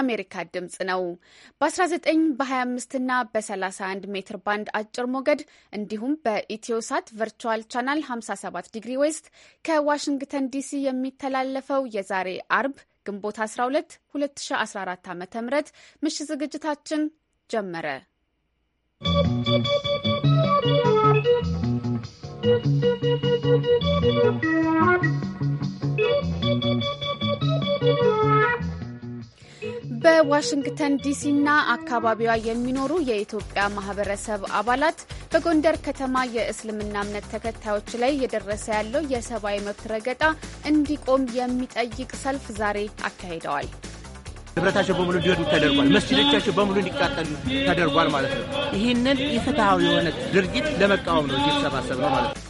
የአሜሪካ ድምፅ ነው። በ19 በ25 እና በ31 ሜትር ባንድ አጭር ሞገድ እንዲሁም በኢትዮሳት ቨርቹዋል ቻናል 57 ዲግሪ ዌስት ከዋሽንግተን ዲሲ የሚተላለፈው የዛሬ አርብ ግንቦት 12 2014 ዓ ም ምሽት ዝግጅታችን ጀመረ። ¶¶ በዋሽንግተን ዲሲና አካባቢዋ የሚኖሩ የኢትዮጵያ ማህበረሰብ አባላት በጎንደር ከተማ የእስልምና እምነት ተከታዮች ላይ እየደረሰ ያለው የሰብአዊ መብት ረገጣ እንዲቆም የሚጠይቅ ሰልፍ ዛሬ አካሂደዋል። ንብረታቸው በሙሉ እንዲወድም ተደርጓል። መስጅዶቻቸው በሙሉ እንዲቃጠሉ ተደርጓል ማለት ነው። ይህንን የፍትሐዊ የሆነ ድርጊት ለመቃወም ነው እየተሰባሰብ ነው ማለት ነው።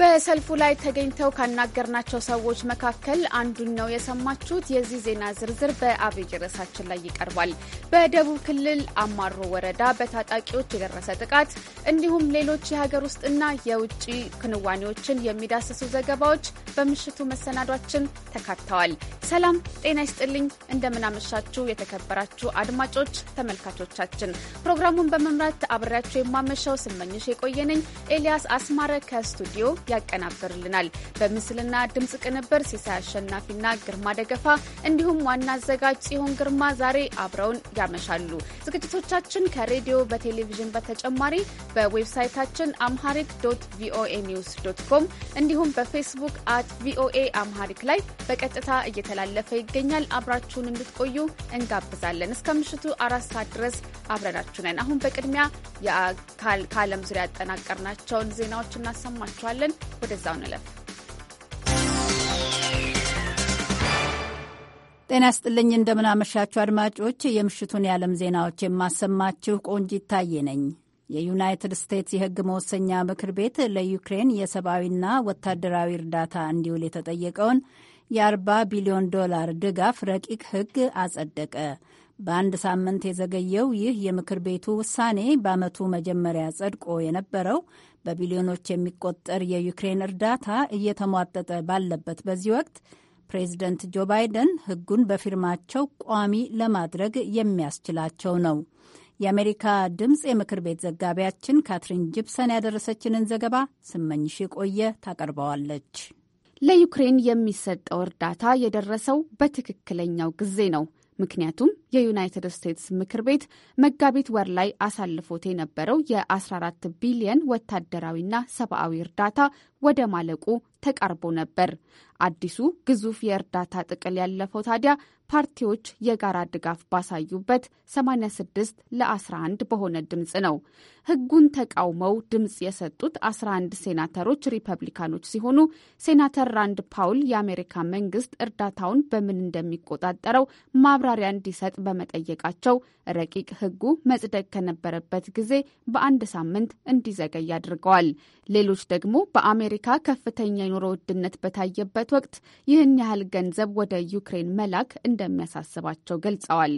በሰልፉ ላይ ተገኝተው ካናገርናቸው ሰዎች መካከል አንዱን ነው የሰማችሁት። የዚህ ዜና ዝርዝር በአብይ ርዕሳችን ላይ ይቀርባል። በደቡብ ክልል አማሮ ወረዳ በታጣቂዎች የደረሰ ጥቃት እንዲሁም ሌሎች የሀገር ውስጥና የውጭ ክንዋኔዎችን የሚዳስሱ ዘገባዎች በምሽቱ መሰናዷችን ተካተዋል። ሰላም ጤና ይስጥልኝ። እንደምናመሻችሁ የተከበራችሁ አድማጮች፣ ተመልካቾቻችን ፕሮግራሙን በመምራት አብሬያችሁ የማመሻው ስመኝሽ የቆየነኝ ኤልያስ አስማረ ከስቱዲዮ ያቀናብርልናል። በምስልና ድምፅ ቅንብር ሲሳይ አሸናፊና ግርማ ደገፋ እንዲሁም ዋና አዘጋጅ ጽዮን ግርማ ዛሬ አብረውን ያመሻሉ። ዝግጅቶቻችን ከሬዲዮ በቴሌቪዥን በተጨማሪ በዌብሳይታችን አምሃሪክ ዶት ቪኦኤ ኒውስ ዶት ኮም እንዲሁም በፌስቡክ አት ቪኦኤ አምሃሪክ ላይ በቀጥታ እየተላለፈ ይገኛል። አብራችሁን እንድትቆዩ እንጋብዛለን። እስከ ምሽቱ አራት ሰዓት ድረስ አብረናችሁ ነን። አሁን በቅድሚያ ከዓለም ዙሪያ ያጠናቀርናቸውን ዜናዎች እናሰማችኋለን። እናቀርባለን። ወደዛው ንለፍ። ጤና ስጥልኝ እንደምናመሻችሁ አድማጮች፣ የምሽቱን የዓለም ዜናዎች የማሰማችሁ ቆንጅ ይታየ ነኝ። የዩናይትድ ስቴትስ የሕግ መወሰኛ ምክር ቤት ለዩክሬን የሰብአዊና ወታደራዊ እርዳታ እንዲውል የተጠየቀውን የ40 ቢሊዮን ዶላር ድጋፍ ረቂቅ ሕግ አጸደቀ። በአንድ ሳምንት የዘገየው ይህ የምክር ቤቱ ውሳኔ በዓመቱ መጀመሪያ ጸድቆ የነበረው በቢሊዮኖች የሚቆጠር የዩክሬን እርዳታ እየተሟጠጠ ባለበት በዚህ ወቅት ፕሬዝደንት ጆ ባይደን ሕጉን በፊርማቸው ቋሚ ለማድረግ የሚያስችላቸው ነው። የአሜሪካ ድምፅ የምክር ቤት ዘጋቢያችን ካትሪን ጂፕሰን ያደረሰችንን ዘገባ ስመኝሽ የቆየ ታቀርበዋለች። ለዩክሬን የሚሰጠው እርዳታ የደረሰው በትክክለኛው ጊዜ ነው። ምክንያቱም የዩናይትድ ስቴትስ ምክር ቤት መጋቢት ወር ላይ አሳልፎት የነበረው የ14 ቢሊየን ወታደራዊና ሰብአዊ እርዳታ ወደ ማለቁ ተቃርቦ ነበር። አዲሱ ግዙፍ የእርዳታ ጥቅል ያለፈው ታዲያ ፓርቲዎች የጋራ ድጋፍ ባሳዩበት 86 ለ11 በሆነ ድምፅ ነው። ሕጉን ተቃውመው ድምፅ የሰጡት 11 ሴናተሮች ሪፐብሊካኖች ሲሆኑ ሴናተር ራንድ ፓውል የአሜሪካ መንግስት እርዳታውን በምን እንደሚቆጣጠረው ማብራሪያ እንዲሰጥ በመጠየቃቸው ረቂቅ ሕጉ መጽደቅ ከነበረበት ጊዜ በአንድ ሳምንት እንዲዘገይ አድርገዋል። ሌሎች ደግሞ በአሜሪካ ከፍተኛ የኑሮ ውድነት በታየበት ወቅት ይህን ያህል ገንዘብ ወደ ዩክሬን መላክ እንደ እንደሚያሳስባቸው ገልጸዋል።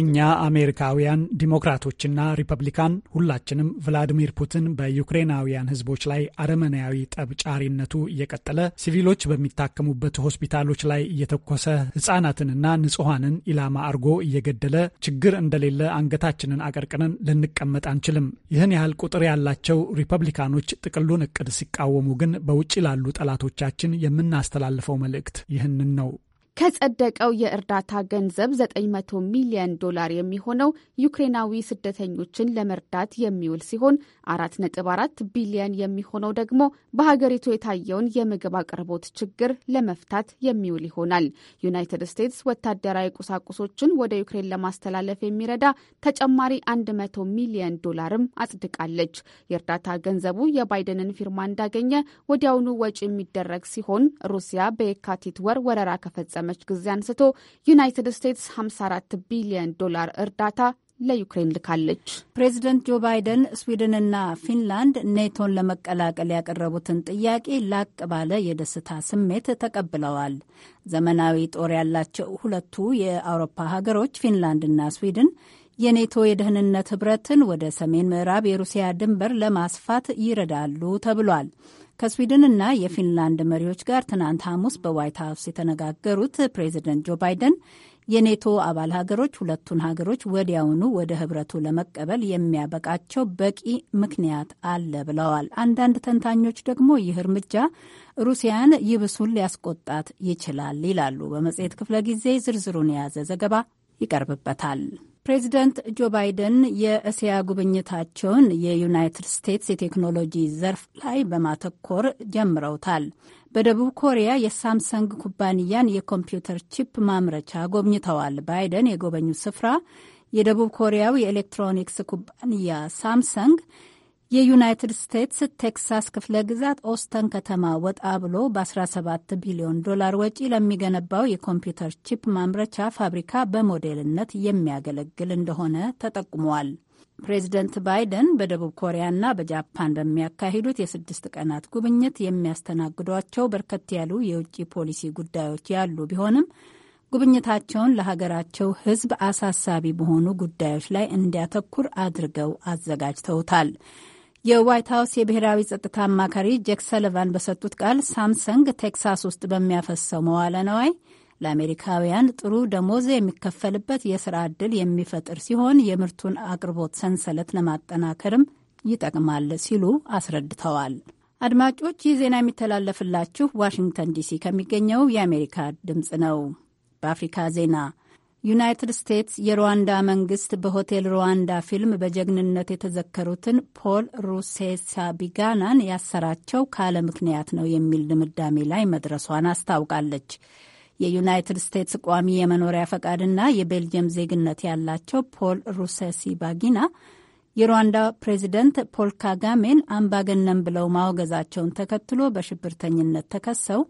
እኛ አሜሪካውያን ዲሞክራቶችና ሪፐብሊካን ሁላችንም ቭላዲሚር ፑቲን በዩክሬናውያን ሕዝቦች ላይ አረመናዊ ጠብጫሪነቱ እየቀጠለ ሲቪሎች በሚታከሙበት ሆስፒታሎች ላይ እየተኮሰ ሕጻናትንና ንጹሐንን ኢላማ አርጎ እየገደለ ችግር እንደሌለ አንገታችንን አቀርቅነን ልንቀመጥ አንችልም። ይህን ያህል ቁጥር ያላቸው ሪፐብሊካኖች ጥቅሉን እቅድ ሲቃወሙ ግን በውጭ ላሉ ጠላቶቻችን የምናስተላልፈው መልእክት ይህንን ነው። ከጸደቀው የእርዳታ ገንዘብ 900 ሚሊዮን ዶላር የሚሆነው ዩክሬናዊ ስደተኞችን ለመርዳት የሚውል ሲሆን 4.4 ቢሊዮን የሚሆነው ደግሞ በሀገሪቱ የታየውን የምግብ አቅርቦት ችግር ለመፍታት የሚውል ይሆናል። ዩናይትድ ስቴትስ ወታደራዊ ቁሳቁሶችን ወደ ዩክሬን ለማስተላለፍ የሚረዳ ተጨማሪ 100 ሚሊዮን ዶላርም አጽድቃለች። የእርዳታ ገንዘቡ የባይደንን ፊርማ እንዳገኘ ወዲያውኑ ወጪ የሚደረግ ሲሆን ሩሲያ በየካቲት ወር ወረራ ከፈጸመ ከጀመረች ጊዜ አንስቶ ዩናይትድ ስቴትስ 54 ቢሊዮን ዶላር እርዳታ ለዩክሬን ልካለች። ፕሬዚደንት ጆ ባይደን ስዊድንና ፊንላንድ ኔቶን ለመቀላቀል ያቀረቡትን ጥያቄ ላቅ ባለ የደስታ ስሜት ተቀብለዋል። ዘመናዊ ጦር ያላቸው ሁለቱ የአውሮፓ ሀገሮች ፊንላንድና ስዊድን የኔቶ የደህንነት ህብረትን ወደ ሰሜን ምዕራብ የሩሲያ ድንበር ለማስፋት ይረዳሉ ተብሏል። ከስዊድንና የፊንላንድ መሪዎች ጋር ትናንት ሐሙስ በዋይት ሀውስ የተነጋገሩት ፕሬዚደንት ጆ ባይደን የኔቶ አባል ሀገሮች ሁለቱን ሀገሮች ወዲያውኑ ወደ ህብረቱ ለመቀበል የሚያበቃቸው በቂ ምክንያት አለ ብለዋል። አንዳንድ ተንታኞች ደግሞ ይህ እርምጃ ሩሲያን ይብሱን ሊያስቆጣት ይችላል ይላሉ። በመጽሔት ክፍለ ጊዜ ዝርዝሩን የያዘ ዘገባ ይቀርብበታል። ፕሬዚደንት ጆ ባይደን የእስያ ጉብኝታቸውን የዩናይትድ ስቴትስ የቴክኖሎጂ ዘርፍ ላይ በማተኮር ጀምረውታል። በደቡብ ኮሪያ የሳምሰንግ ኩባንያን የኮምፒውተር ቺፕ ማምረቻ ጎብኝተዋል። ባይደን የጎበኙ ስፍራ የደቡብ ኮሪያው የኤሌክትሮኒክስ ኩባንያ ሳምሰንግ የዩናይትድ ስቴትስ ቴክሳስ ክፍለ ግዛት ኦስተን ከተማ ወጣ ብሎ በ17 ቢሊዮን ዶላር ወጪ ለሚገነባው የኮምፒውተር ቺፕ ማምረቻ ፋብሪካ በሞዴልነት የሚያገለግል እንደሆነ ተጠቁመዋል። ፕሬዚደንት ባይደን በደቡብ ኮሪያና በጃፓን በሚያካሂዱት የስድስት ቀናት ጉብኝት የሚያስተናግዷቸው በርከት ያሉ የውጭ ፖሊሲ ጉዳዮች ያሉ ቢሆንም ጉብኝታቸውን ለሀገራቸው ሕዝብ አሳሳቢ በሆኑ ጉዳዮች ላይ እንዲያተኩር አድርገው አዘጋጅተውታል። የዋይት ሀውስ የብሔራዊ ጸጥታ አማካሪ ጄክ ሰሊቫን በሰጡት ቃል ሳምሰንግ ቴክሳስ ውስጥ በሚያፈሰው መዋለ ነዋይ ለአሜሪካውያን ጥሩ ደሞዝ የሚከፈልበት የስራ ዕድል የሚፈጥር ሲሆን የምርቱን አቅርቦት ሰንሰለት ለማጠናከርም ይጠቅማል ሲሉ አስረድተዋል። አድማጮች ይህ ዜና የሚተላለፍላችሁ ዋሽንግተን ዲሲ ከሚገኘው የአሜሪካ ድምፅ ነው። በአፍሪካ ዜና ዩናይትድ ስቴትስ የሩዋንዳ መንግስት በሆቴል ሩዋንዳ ፊልም በጀግንነት የተዘከሩትን ፖል ቢጋናን ያሰራቸው ካለ ምክንያት ነው የሚል ድምዳሜ ላይ መድረሷን አስታውቃለች። የዩናይትድ ስቴትስ ቋሚ የመኖሪያ ፈቃድና የቤልጅየም ዜግነት ያላቸው ፖል ባጊና የሩዋንዳ ፕሬዚደንት ፖል ካጋሜን አምባገነን ብለው ማወገዛቸውን ተከትሎ በሽብርተኝነት ተከሰው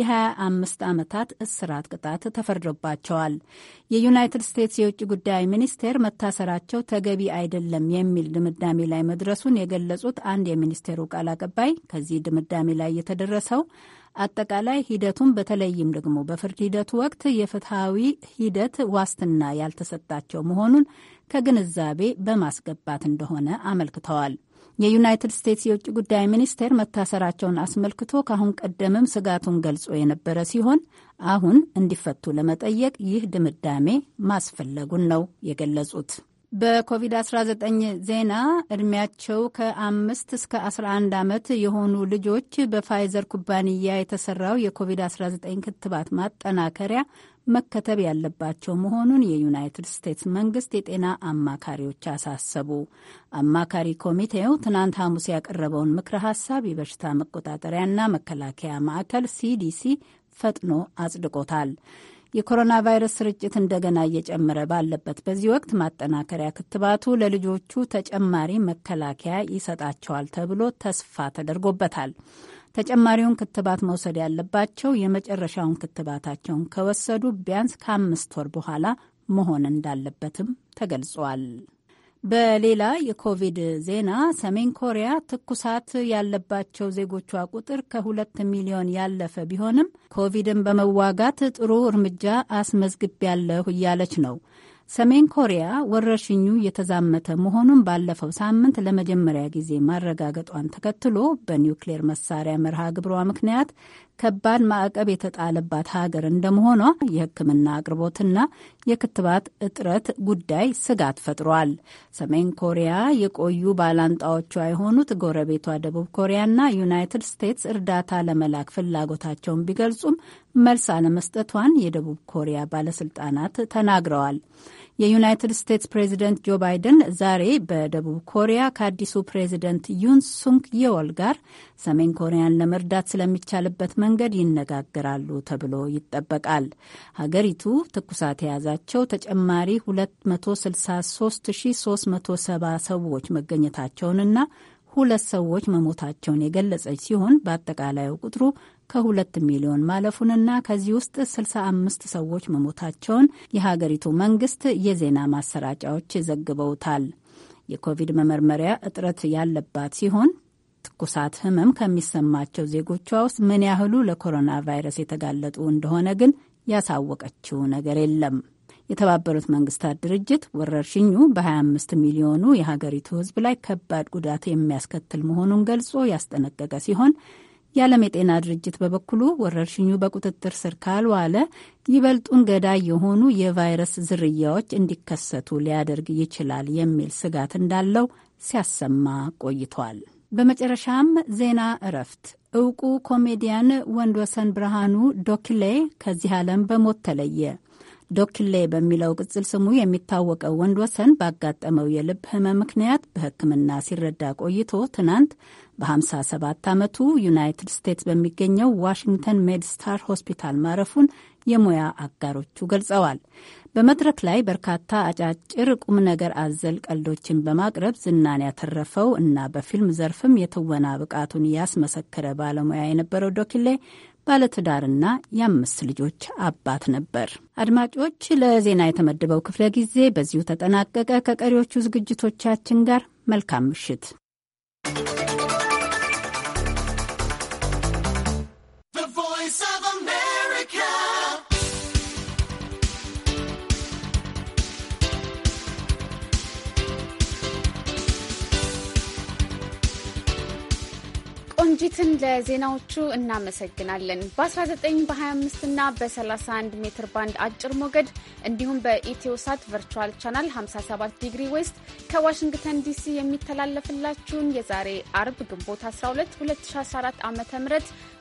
የ25 ዓመታት እስራት ቅጣት ተፈርዶባቸዋል። የዩናይትድ ስቴትስ የውጭ ጉዳይ ሚኒስቴር መታሰራቸው ተገቢ አይደለም የሚል ድምዳሜ ላይ መድረሱን የገለጹት አንድ የሚኒስቴሩ ቃል አቀባይ ከዚህ ድምዳሜ ላይ የተደረሰው አጠቃላይ ሂደቱን በተለይም ደግሞ በፍርድ ሂደቱ ወቅት የፍትሐዊ ሂደት ዋስትና ያልተሰጣቸው መሆኑን ከግንዛቤ በማስገባት እንደሆነ አመልክተዋል። የዩናይትድ ስቴትስ የውጭ ጉዳይ ሚኒስቴር መታሰራቸውን አስመልክቶ ከአሁን ቀደምም ስጋቱን ገልጾ የነበረ ሲሆን አሁን እንዲፈቱ ለመጠየቅ ይህ ድምዳሜ ማስፈለጉን ነው የገለጹት። በኮቪድ-19 ዜና ዕድሜያቸው ከአምስት እስከ 11 ዓመት የሆኑ ልጆች በፋይዘር ኩባንያ የተሰራው የኮቪድ-19 ክትባት ማጠናከሪያ መከተብ ያለባቸው መሆኑን የዩናይትድ ስቴትስ መንግስት የጤና አማካሪዎች አሳሰቡ። አማካሪ ኮሚቴው ትናንት ሐሙስ ያቀረበውን ምክረ ሀሳብ የበሽታ መቆጣጠሪያና መከላከያ ማዕከል ሲዲሲ ፈጥኖ አጽድቆታል። የኮሮና ቫይረስ ስርጭት እንደገና እየጨመረ ባለበት በዚህ ወቅት ማጠናከሪያ ክትባቱ ለልጆቹ ተጨማሪ መከላከያ ይሰጣቸዋል ተብሎ ተስፋ ተደርጎበታል። ተጨማሪውን ክትባት መውሰድ ያለባቸው የመጨረሻውን ክትባታቸውን ከወሰዱ ቢያንስ ከአምስት ወር በኋላ መሆን እንዳለበትም ተገልጿል። በሌላ የኮቪድ ዜና ሰሜን ኮሪያ ትኩሳት ያለባቸው ዜጎቿ ቁጥር ከሁለት ሚሊዮን ያለፈ ቢሆንም ኮቪድን በመዋጋት ጥሩ እርምጃ ያለሁ እያለች ነው። ሰሜን ኮሪያ ወረርሽኙ የተዛመተ መሆኑን ባለፈው ሳምንት ለመጀመሪያ ጊዜ ማረጋገጧን ተከትሎ በኒውክሌር መሳሪያ መርሃ ግብሯ ምክንያት ከባድ ማዕቀብ የተጣለባት ሀገር እንደመሆኗ የሕክምና አቅርቦትና የክትባት እጥረት ጉዳይ ስጋት ፈጥሯል። ሰሜን ኮሪያ የቆዩ ባላንጣዎቿ የሆኑት ጎረቤቷ ደቡብ ኮሪያና ዩናይትድ ስቴትስ እርዳታ ለመላክ ፍላጎታቸውን ቢገልጹም መልስ አለመስጠቷን የደቡብ ኮሪያ ባለስልጣናት ተናግረዋል። የዩናይትድ ስቴትስ ፕሬዚደንት ጆ ባይደን ዛሬ በደቡብ ኮሪያ ከአዲሱ ፕሬዚደንት ዩን ሱንክ የወል ጋር ሰሜን ኮሪያን ለመርዳት ስለሚቻልበት መንገድ ይነጋገራሉ ተብሎ ይጠበቃል። ሀገሪቱ ትኩሳት የያዛቸው ተጨማሪ 263370 ሰዎች መገኘታቸውንና ሁለት ሰዎች መሞታቸውን የገለጸች ሲሆን በአጠቃላዩ ቁጥሩ ከሁለት ሚሊዮን ማለፉንና ከዚህ ውስጥ 65 ሰዎች መሞታቸውን የሀገሪቱ መንግስት የዜና ማሰራጫዎች ዘግበውታል። የኮቪድ መመርመሪያ እጥረት ያለባት ሲሆን ትኩሳት ህመም ከሚሰማቸው ዜጎቿ ውስጥ ምን ያህሉ ለኮሮና ቫይረስ የተጋለጡ እንደሆነ ግን ያሳወቀችው ነገር የለም። የተባበሩት መንግስታት ድርጅት ወረርሽኙ በ25 ሚሊዮኑ የሀገሪቱ ህዝብ ላይ ከባድ ጉዳት የሚያስከትል መሆኑን ገልጾ ያስጠነቀቀ ሲሆን የዓለም የጤና ድርጅት በበኩሉ ወረርሽኙ በቁጥጥር ስር ካልዋለ ይበልጡን ገዳይ የሆኑ የቫይረስ ዝርያዎች እንዲከሰቱ ሊያደርግ ይችላል የሚል ስጋት እንዳለው ሲያሰማ ቆይቷል። በመጨረሻም ዜና እረፍት። እውቁ ኮሜዲያን ወንድወሰን ብርሃኑ ዶክሌ ከዚህ ዓለም በሞት ተለየ። ዶክሌ በሚለው ቅጽል ስሙ የሚታወቀው ወንድወሰን ባጋጠመው የልብ ህመ ምክንያት በሕክምና ሲረዳ ቆይቶ ትናንት በ57 ዓመቱ ዩናይትድ ስቴትስ በሚገኘው ዋሽንግተን ሜድስታር ሆስፒታል ማረፉን የሙያ አጋሮቹ ገልጸዋል። በመድረክ ላይ በርካታ አጫጭር ቁም ነገር አዘል ቀልዶችን በማቅረብ ዝናን ያተረፈው እና በፊልም ዘርፍም የትወና ብቃቱን ያስመሰከረ ባለሙያ የነበረው ዶኪሌ ባለትዳርና የአምስት ልጆች አባት ነበር። አድማጮች፣ ለዜና የተመደበው ክፍለ ጊዜ በዚሁ ተጠናቀቀ። ከቀሪዎቹ ዝግጅቶቻችን ጋር መልካም ምሽት ቆንጂትን ለዜናዎቹ እናመሰግናለን። በ19 በ25 እና በ31 ሜትር ባንድ አጭር ሞገድ እንዲሁም በኢትዮሳት ቨርቹዋል ቻናል 57 ዲግሪ ዌስት ከዋሽንግተን ዲሲ የሚተላለፍላችሁን የዛሬ አርብ ግንቦት 12 2014 ዓ ም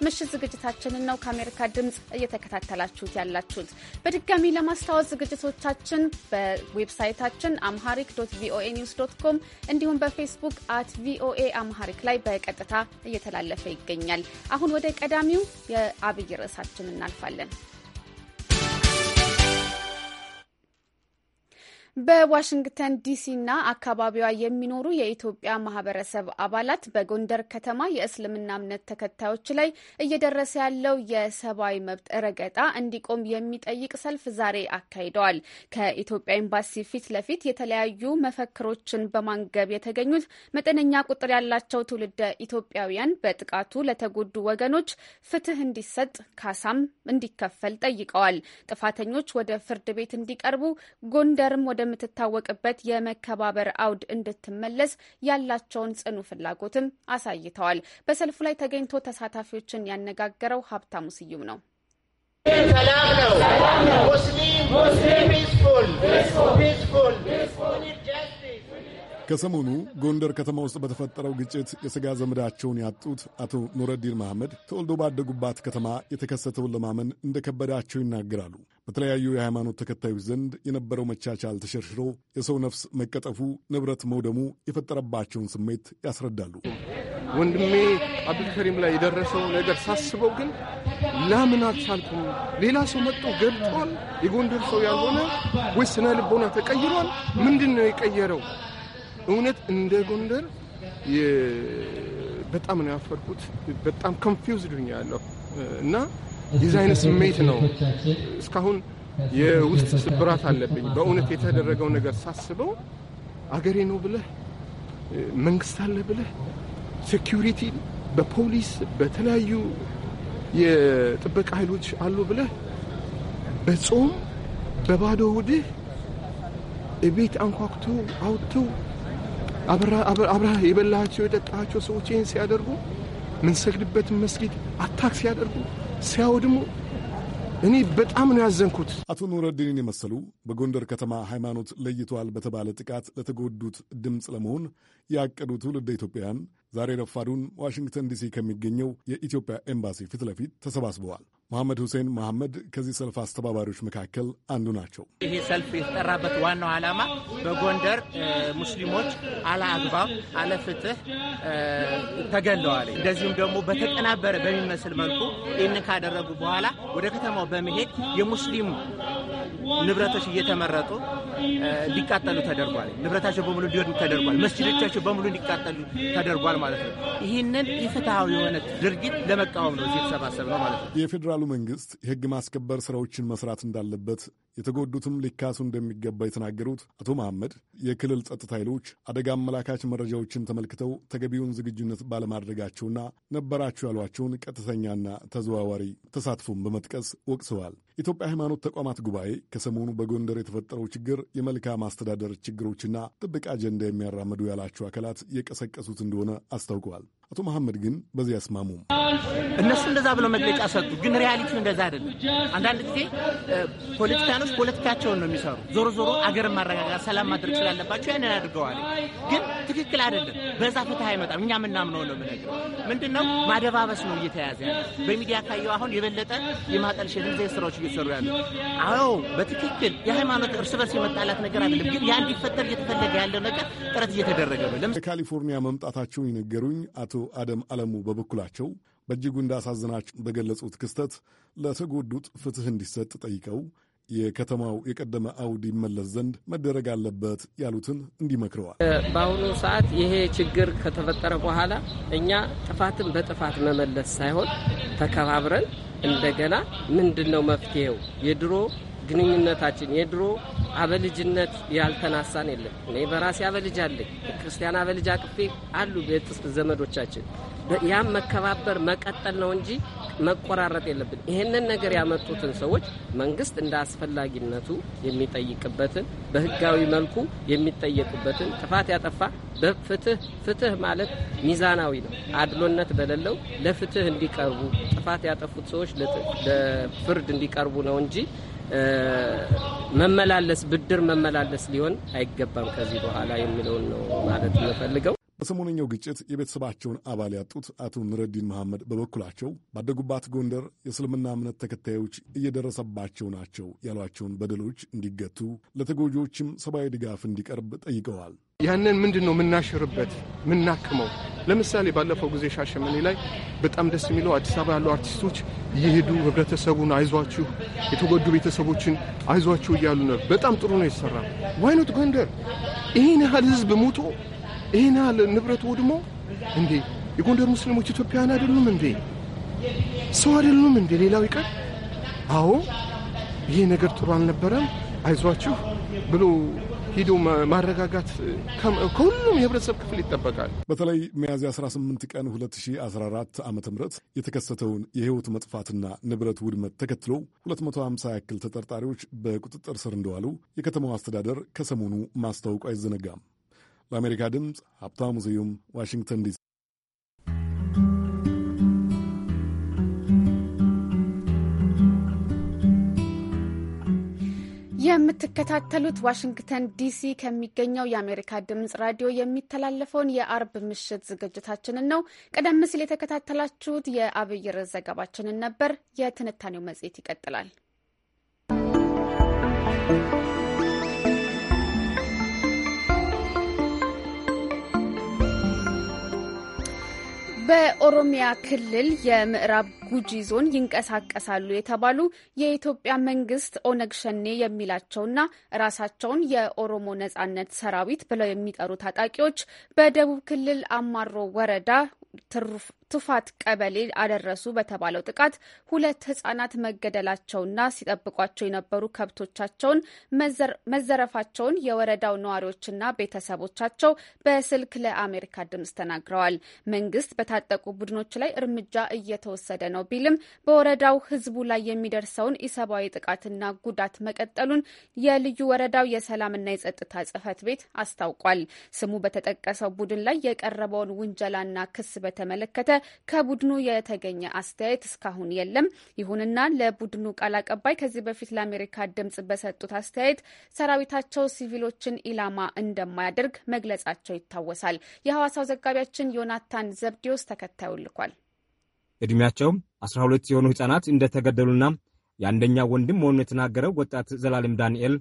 ምሽት ዝግጅታችንን ነው ከአሜሪካ ድምፅ እየተከታተላችሁት ያላችሁት። በድጋሚ ለማስታወስ ዝግጅቶቻችን በዌብሳይታችን አምሃሪክ ዶት ቪኦኤ ኒውስ ዶት ኮም እንዲሁም በፌስቡክ አት ቪኦኤ አምሃሪክ ላይ በቀጥታ እየተላለፈ ተሳትፎ ይገኛል። አሁን ወደ ቀዳሚው የአብይ ርዕሳችን እናልፋለን። በዋሽንግተን ዲሲና አካባቢዋ የሚኖሩ የኢትዮጵያ ማህበረሰብ አባላት በጎንደር ከተማ የእስልምና እምነት ተከታዮች ላይ እየደረሰ ያለው የሰብአዊ መብት ረገጣ እንዲቆም የሚጠይቅ ሰልፍ ዛሬ አካሂደዋል። ከኢትዮጵያ ኤምባሲ ፊት ለፊት የተለያዩ መፈክሮችን በማንገብ የተገኙት መጠነኛ ቁጥር ያላቸው ትውልደ ኢትዮጵያውያን በጥቃቱ ለተጎዱ ወገኖች ፍትህ እንዲሰጥ፣ ካሳም እንዲከፈል ጠይቀዋል። ጥፋተኞች ወደ ፍርድ ቤት እንዲቀርቡ ጎንደርም ወደ ወደምትታወቅበት የመከባበር አውድ እንድትመለስ ያላቸውን ጽኑ ፍላጎትም አሳይተዋል። በሰልፉ ላይ ተገኝቶ ተሳታፊዎችን ያነጋገረው ሀብታሙ ስዩም ነው። ሰላም ነው ሙስሊም ከሰሞኑ ጎንደር ከተማ ውስጥ በተፈጠረው ግጭት የሥጋ ዘመዳቸውን ያጡት አቶ ኑረዲን መሐመድ ተወልዶ ባደጉባት ከተማ የተከሰተውን ለማመን እንደከበዳቸው ይናገራሉ። በተለያዩ የሃይማኖት ተከታዮች ዘንድ የነበረው መቻቻል ተሸርሽሮ የሰው ነፍስ መቀጠፉ፣ ንብረት መውደሙ የፈጠረባቸውን ስሜት ያስረዳሉ። ወንድሜ አብዱልከሪም ላይ የደረሰው ነገር ሳስበው ግን ላምን አልቻልኩም። ሌላ ሰው መጥቶ ገብቷል። የጎንደር ሰው ያልሆነ ወይ ስነ ልቦና ተቀይሯል። ምንድን ነው የቀየረው? እውነት እንደ ጎንደር በጣም ነው ያፈርኩት። በጣም ኮንፊውዝድ ሆኛ ያለሁ እና የዚህ አይነት ስሜት ነው እስካሁን የውስጥ ስብራት አለብኝ። በእውነት የተደረገው ነገር ሳስበው አገሬ ነው ብለህ መንግስት አለ ብለህ ሴኪሪቲ በፖሊስ በተለያዩ የጥበቃ ኃይሎች አሉ ብለህ በጾም በባዶ ውድህ ቤት አንኳኩቶ አውጥተው አብራ የበላቸው የጠጣቸው ሰዎች ይህን ሲያደርጉ ምንሰግድበትን መስጊድ አታክ ሲያደርጉ ሲያወድሙ እኔ በጣም ነው ያዘንኩት። አቶ ኑረዲንን የመሰሉ በጎንደር ከተማ ሃይማኖት ለይተዋል በተባለ ጥቃት ለተጎዱት ድምፅ ለመሆን ያቀዱ ትውልደ ኢትዮጵያውያን ዛሬ ረፋዱን ዋሽንግተን ዲሲ ከሚገኘው የኢትዮጵያ ኤምባሲ ፊት ለፊት ተሰባስበዋል። መሐመድ ሁሴን መሐመድ ከዚህ ሰልፍ አስተባባሪዎች መካከል አንዱ ናቸው። ይሄ ሰልፍ የተጠራበት ዋናው ዓላማ በጎንደር ሙስሊሞች አለ አግባብ አለ ፍትህ ተገለዋል። እንደዚሁም ደግሞ በተቀናበረ በሚመስል መልኩ ይህን ካደረጉ በኋላ ወደ ከተማው በመሄድ የሙስሊም ንብረቶች እየተመረጡ እንዲቃጠሉ ተደርጓል። ንብረታቸው በሙሉ እንዲወድም ተደርጓል። መስጅዶቻቸው በሙሉ እንዲቃጠሉ ተደርጓል ማለት ነው። ይህንን የፍትሐዊ የሆነ ድርጊት ለመቃወም ነው እዚህ የተሰባሰብ ነው ማለት ነው። የፌዴራሉ መንግስት የህግ ማስከበር ስራዎችን መስራት እንዳለበት የተጎዱትም ሊካሱ እንደሚገባ የተናገሩት አቶ መሐመድ የክልል ጸጥታ ኃይሎች አደጋ አመላካች መረጃዎችን ተመልክተው ተገቢውን ዝግጁነት ባለማድረጋቸውና ነበራቸው ያሏቸውን ቀጥተኛና ተዘዋዋሪ ተሳትፎን በመጥቀስ ወቅሰዋል። ኢትዮጵያ ሃይማኖት ተቋማት ጉባኤ ከሰሞኑ በጎንደር የተፈጠረው ችግር የመልካም አስተዳደር ችግሮችና ጥብቅ አጀንዳ የሚያራምዱ ያላቸው አካላት የቀሰቀሱት እንደሆነ አስታውቀዋል። አቶ መሐመድ ግን በዚህ ያስማሙም። እነሱ እንደዛ ብለው መግለጫ ሰጡ፣ ግን ሪያሊቲው እንደዛ አይደለም። አንዳንድ ጊዜ ፖለቲካኖች ፖለቲካቸውን ነው የሚሰሩ። ዞሮ ዞሮ አገርን ማረጋጋት፣ ሰላም ማድረግ ስላለባቸው ያንን አድርገዋል። ግን ትክክል አይደለም። በዛ ፍትህ አይመጣም። እኛ ምናምነው ነው ምነገር ምንድን ነው ማደባበስ ነው እየተያዘ ያለ በሚዲያ ካየው አሁን የበለጠ የማጠልሸት ዜ ስራዎች እየሰሩ ያለ። አዎ በትክክል የሃይማኖት እርስ በርስ የመጣላት ነገር አይደለም፣ ግን ያ እንዲፈጠር እየተፈለገ ያለው ነገር ጥረት እየተደረገ ነው። ከካሊፎርኒያ መምጣታቸውን የነገሩኝ አቶ አደም አለሙ በበኩላቸው በእጅጉ እንዳሳዝናቸው በገለጹት ክስተት ለተጎዱት ፍትህ እንዲሰጥ ጠይቀው የከተማው የቀደመ አውድ ይመለስ ዘንድ መደረግ አለበት ያሉትን እንዲመክረዋል። በአሁኑ ሰዓት ይሄ ችግር ከተፈጠረ በኋላ እኛ ጥፋትን በጥፋት መመለስ ሳይሆን ተከባብረን እንደገና ምንድን ነው መፍትሄው የድሮ ግንኙነታችን የድሮ አበልጅነት ያልተናሳን የለም። እኔ በራሴ አበልጅ አለኝ፣ ክርስቲያን አበልጅ አቅፌ አሉ ቤት ዘመዶቻችን። ያም መከባበር መቀጠል ነው እንጂ መቆራረጥ የለብን። ይህንን ነገር ያመጡትን ሰዎች መንግስት እንደ አስፈላጊነቱ የሚጠይቅበትን በህጋዊ መልኩ የሚጠየቁበትን ጥፋት ያጠፋ በፍትህ ፍትህ ማለት ሚዛናዊ ነው፣ አድሎነት በሌለው ለፍትህ እንዲቀርቡ ጥፋት ያጠፉት ሰዎች ለፍርድ እንዲቀርቡ ነው እንጂ መመላለስ ብድር መመላለስ ሊሆን አይገባም ከዚህ በኋላ የሚለውን ነው ማለት የምፈልገው። በሰሞነኛው ግጭት የቤተሰባቸውን አባል ያጡት አቶ ኑረዲን መሐመድ በበኩላቸው ባደጉባት ጎንደር የእስልምና እምነት ተከታዮች እየደረሰባቸው ናቸው ያሏቸውን በደሎች እንዲገቱ፣ ለተጎጂዎችም ሰብአዊ ድጋፍ እንዲቀርብ ጠይቀዋል። ያንን ምንድን ነው የምናሽርበት የምናክመው ለምሳሌ ባለፈው ጊዜ ሻሸመኔ ላይ በጣም ደስ የሚለው አዲስ አበባ ያሉ አርቲስቶች እየሄዱ ህብረተሰቡን አይዟችሁ፣ የተጎዱ ቤተሰቦችን አይዟችሁ እያሉ ነው። በጣም ጥሩ ነው የተሰራ። ዋይኖት ጎንደር ይህን ያህል ህዝብ ሞቶ ይህን ያህል ንብረት ወድሞ እንዴ የጎንደር ሙስሊሞች ኢትዮጵያውያን አይደሉም እንዴ? ሰው አይደሉም እንዴ? ሌላው ይቀር። አዎ ይሄ ነገር ጥሩ አልነበረም አይዟችሁ ብሎ ሂዶ ማረጋጋት ከሁሉም የህብረተሰብ ክፍል ይጠበቃል። በተለይ ሚያዝያ 18 ቀን 2014 ዓ ም የተከሰተውን የህይወት መጥፋትና ንብረት ውድመት ተከትሎ 250 ያክል ተጠርጣሪዎች በቁጥጥር ስር እንደዋሉ የከተማው አስተዳደር ከሰሞኑ ማስታወቁ አይዘነጋም። ለአሜሪካ ድምፅ ሀብታሙ ስዩም ዋሽንግተን ዲሲ። የምትከታተሉት ዋሽንግተን ዲሲ ከሚገኘው የአሜሪካ ድምጽ ራዲዮ የሚተላለፈውን የአርብ ምሽት ዝግጅታችንን ነው። ቀደም ሲል የተከታተላችሁት የአብይር ዘገባችንን ነበር። የትንታኔው መጽሔት ይቀጥላል። በኦሮሚያ ክልል የምዕራብ ጉጂ ዞን ይንቀሳቀሳሉ የተባሉ የኢትዮጵያ መንግስት ኦነግ ሸኔ የሚላቸውና ራሳቸውን የኦሮሞ ነጻነት ሰራዊት ብለው የሚጠሩ ታጣቂዎች በደቡብ ክልል አማሮ ወረዳ ቱፋት ቀበሌ አደረሱ በተባለው ጥቃት ሁለት ህጻናት መገደላቸውና ሲጠብቋቸው የነበሩ ከብቶቻቸውን መዘረፋቸውን የወረዳው ነዋሪዎችና ቤተሰቦቻቸው በስልክ ለአሜሪካ ድምጽ ተናግረዋል። መንግስት በታጠቁ ቡድኖች ላይ እርምጃ እየተወሰደ ነው ቢልም በወረዳው ህዝቡ ላይ የሚደርሰውን ኢሰብአዊ ጥቃትና ጉዳት መቀጠሉን የልዩ ወረዳው የሰላምና የጸጥታ ጽህፈት ቤት አስታውቋል። ስሙ በተጠቀሰው ቡድን ላይ የቀረበውን ውንጀላና ክስ በተመለከተ ከቡድኑ የተገኘ አስተያየት እስካሁን የለም። ይሁንና ለቡድኑ ቃል አቀባይ ከዚህ በፊት ለአሜሪካ ድምጽ በሰጡት አስተያየት ሰራዊታቸው ሲቪሎችን ኢላማ እንደማያደርግ መግለጻቸው ይታወሳል። የሐዋሳው ዘጋቢያችን ዮናታን ዘብዲዮስ ተከታዩ ልኳል። እድሜያቸው 12 የሆኑ ህጻናት እንደተገደሉና የአንደኛው ወንድም መሆኑን የተናገረው ወጣት ዘላለም ዳንኤል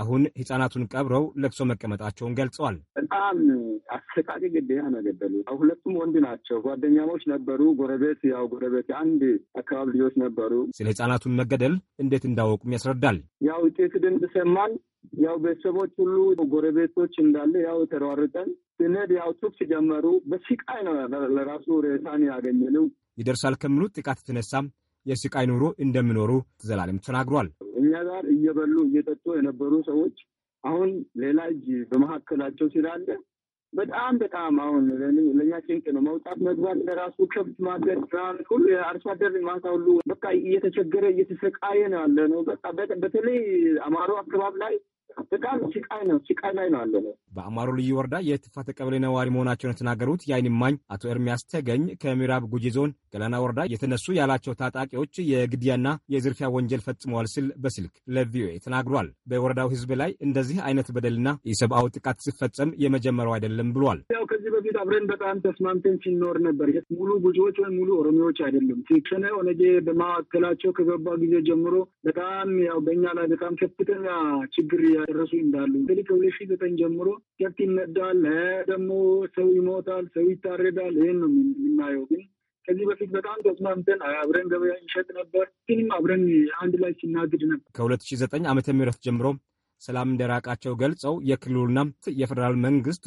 አሁን ህጻናቱን ቀብረው ለቅሶ መቀመጣቸውን ገልጸዋል። በጣም አሰቃቂ ግድያ ነው የገደሉት። ሁለቱም ወንድ ናቸው። ጓደኛሞች ነበሩ። ጎረቤት ያው ጎረቤት አንድ አካባቢ ልጆች ነበሩ። ስለ ህጻናቱን መገደል እንዴት እንዳወቁም ያስረዳል። ያው ውጤት ድምፅ ሰማን። ያው ቤተሰቦች ሁሉ ጎረቤቶች እንዳለ ያው ተሯርጠን ስንሄድ ያው ቱክ ሲጀመሩ በስቃይ ነው ለራሱ ሬሳን ያገኘልው። ይደርሳል ከሚሉት ጥቃት የተነሳም የስቃይ ኑሮ እንደሚኖሩ ዘላለም ተናግሯል። እኛ ጋር እየበሉ እየጠጡ የነበሩ ሰዎች አሁን ሌላ እጅ በመካከላቸው ስላለ በጣም በጣም አሁን ለእኛ ጭንቅ ነው። መውጣት መግባት ለራሱ ከብት ማገድ ሁሉ አርሶ አደር ማሳ ሁሉ በቃ እየተቸገረ እየተሰቃየ ነው ያለ ነው። በቃ በተለይ አማሮ አካባቢ ላይ በጣም ስቃይ ነው፣ ስቃይ ላይ ነው ያለነው። በአማሮ ልዩ ወረዳ የትፋተ ቀበሌ ነዋሪ መሆናቸውን የተናገሩት የአይን እማኝ አቶ ኤርሚያስ ተገኝ ከምዕራብ ጉጂ ዞን ገላና ወረዳ የተነሱ ያላቸው ታጣቂዎች የግድያና የዝርፊያ ወንጀል ፈጽመዋል ሲል በስልክ ለቪኦኤ ተናግሯል። በወረዳው ህዝብ ላይ እንደዚህ አይነት በደልና የሰብአዊ ጥቃት ሲፈጸም የመጀመሪያው አይደለም ብሏል። ያው ከዚህ በፊት አብረን በጣም ተስማምተን ሲኖር ነበር። ሙሉ ጉጂዎች ወይም ሙሉ ኦሮሚዎች አይደሉም። ሸኔ ኦነጌ በማዕከላቸው ከገባ ጊዜ ጀምሮ በጣም ያው በእኛ ላይ በጣም ከፍተኛ ችግር የደረሱ እንዳሉ እንግዲህ ከሁለት ሺህ ዘጠኝ ጀምሮ ከብት ይነዳል፣ ደግሞ ሰው ይሞታል፣ ሰው ይታረዳል። ይህን ነው የምናየው ግን ከዚህ በፊት በጣም ተስማምተን አብረን ገበያ እንሸጥ ነበር። ግንም አብረን አንድ ላይ ሲናግድ ነበር። ከሁለት ሺህ ዘጠኝ ዓመተ ምህረት ጀምሮ ሰላም እንደራቃቸው ገልጸው የክልሉና የፌዴራል መንግስት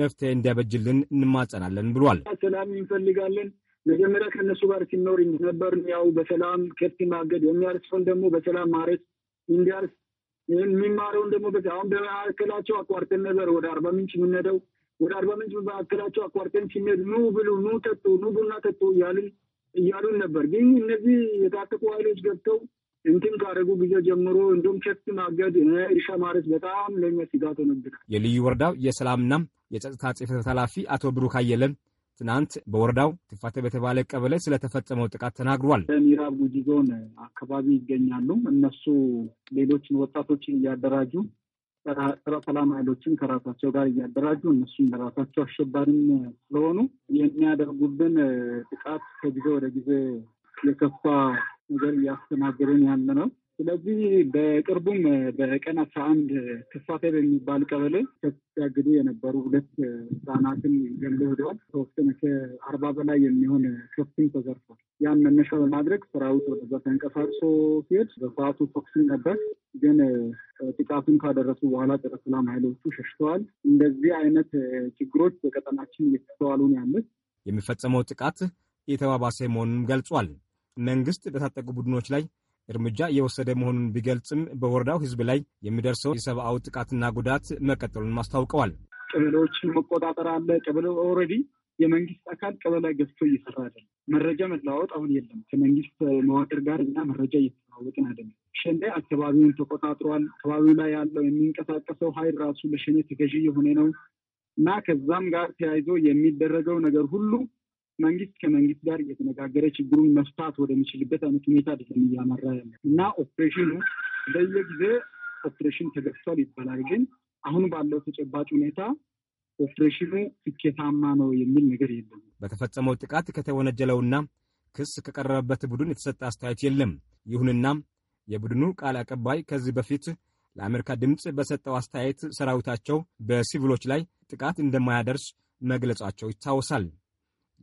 መፍትሄ እንዲያበጅልን እንማጸናለን ብሏል። ሰላም እንፈልጋለን። መጀመሪያ ከእነሱ ጋር ሲኖር ነበር። ያው በሰላም ከብት ማገድ የሚያርሰውን ደግሞ በሰላም ማረስ እንዲያርስ የሚማረውን ደግሞ በ አሁን በመካከላቸው አቋርጠን ነበር ወደ አርባ ምንጭ የምንሄደው። ወደ አርባ ምንጭ በመካከላቸው አቋርጠን ሲነድ ኑ ብሉ፣ ኑ ጠጡ፣ ኑ ቡና ጠጡ እያልን እያሉን ነበር። ግን እነዚህ የታጠቁ ኃይሎች ገብተው እንትን ካደረጉ ጊዜ ጀምሮ እንዲሁም ከብት ማገድ፣ እርሻ ማረስ በጣም ለእኛ ስጋት ሆነብናል። የልዩ ወረዳው የሰላምና የጸጥታ ጽሕፈት ኃላፊ አቶ ብሩክ አየለን ትናንት በወረዳው ትፋተ በተባለ ቀበሌ ስለተፈጸመው ጥቃት ተናግሯል። በምዕራብ ጉጂ ዞን አካባቢ ይገኛሉ። እነሱ ሌሎችን ወጣቶችን እያደራጁ ጸረ ሰላም ኃይሎችን ከራሳቸው ጋር እያደራጁ እነሱም ለራሳቸው አሸባሪም ስለሆኑ የሚያደርጉብን ጥቃት ከጊዜ ወደ ጊዜ የከፋ ነገር እያስተናገደን ያለ ነው። ስለዚህ በቅርቡም በቀን አስራ አንድ ክፋቴ በሚባል ቀበሌ ሲያግዱ የነበሩ ሁለት ህጻናትን ገሎ ሄደዋል። ሶስትን ከአርባ በላይ የሚሆን ከፍትም ተዘርፏል። ያን መነሻ በማድረግ ሰራዊት ወደዛ ተንቀሳቅሶ ሲሄድ በሰዓቱ ተኩስም ነበር፣ ግን ጥቃቱን ካደረሱ በኋላ ጥረ ሰላም ኃይሎቹ ሸሽተዋል። እንደዚህ አይነት ችግሮች በቀጠናችን እየተስተዋሉ ነው ያሉት። የሚፈጸመው ጥቃት የተባባሰ መሆኑን ገልጿል። መንግስት በታጠቁ ቡድኖች ላይ እርምጃ እየወሰደ መሆኑን ቢገልጽም በወረዳው ሕዝብ ላይ የሚደርሰው የሰብአዊ ጥቃትና ጉዳት መቀጠሉን ማስታውቀዋል። ቀበሌዎችን መቆጣጠር አለ። ቀበሌ ኦልሬዲ የመንግስት አካል ቀበሌ ላይ ገብቶ እየሰራ አይደለም። መረጃ መለዋወጥ አሁን የለም። ከመንግስት መዋቅር ጋር እና መረጃ እየተለዋወጥን አይደለም። ሸኔ አካባቢውን ተቆጣጥሯል። አካባቢው ላይ ያለው የሚንቀሳቀሰው ሀይል ራሱ ለሸኔ ተገዢ የሆነ ነው እና ከዛም ጋር ተያይዞ የሚደረገው ነገር ሁሉ መንግስት ከመንግስት ጋር እየተነጋገረ ችግሩን መፍታት ወደሚችልበት አይነት ሁኔታ አይደለም እያመራ ያለ እና ኦፕሬሽኑ በየጊዜ ኦፕሬሽን ተገፍቷል ይባላል። ግን አሁን ባለው ተጨባጭ ሁኔታ ኦፕሬሽኑ ስኬታማ ነው የሚል ነገር የለም። በተፈጸመው ጥቃት ከተወነጀለውና ክስ ከቀረበበት ቡድን የተሰጠ አስተያየት የለም። ይሁንና የቡድኑ ቃል አቀባይ ከዚህ በፊት ለአሜሪካ ድምፅ በሰጠው አስተያየት ሰራዊታቸው በሲቪሎች ላይ ጥቃት እንደማያደርስ መግለጻቸው ይታወሳል።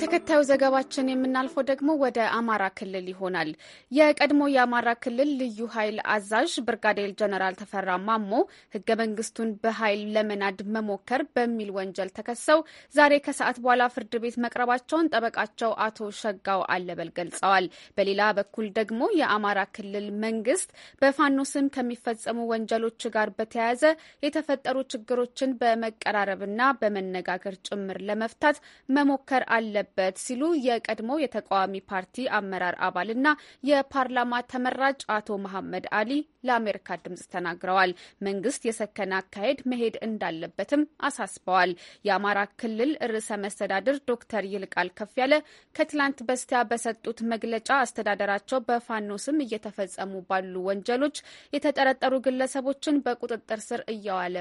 ተከታዩ ዘገባችን የምናልፈው ደግሞ ወደ አማራ ክልል ይሆናል። የቀድሞ የአማራ ክልል ልዩ ኃይል አዛዥ ብርጋዴር ጀነራል ተፈራ ማሞ ህገ መንግስቱን በኃይል ለመናድ መሞከር በሚል ወንጀል ተከሰው ዛሬ ከሰዓት በኋላ ፍርድ ቤት መቅረባቸውን ጠበቃቸው አቶ ሸጋው አለበል ገልጸዋል። በሌላ በኩል ደግሞ የአማራ ክልል መንግስት በፋኖ ስም ከሚፈጸሙ ወንጀሎች ጋር በተያያዘ የተፈጠሩ ችግሮችን በመቀራረብና በመነጋገር ጭምር ለመፍታት መሞከር አለበት አለበት ሲሉ የቀድሞ የተቃዋሚ ፓርቲ አመራር አባልና የፓርላማ ተመራጭ አቶ መሐመድ አሊ ለአሜሪካ ድምጽ ተናግረዋል። መንግስት የሰከነ አካሄድ መሄድ እንዳለበትም አሳስበዋል። የአማራ ክልል ርዕሰ መስተዳድር ዶክተር ይልቃል ከፍያለ ከትላንት በስቲያ በሰጡት መግለጫ አስተዳደራቸው በፋኖ ስም እየተፈጸሙ ባሉ ወንጀሎች የተጠረጠሩ ግለሰቦችን በቁጥጥር ስር እያዋለ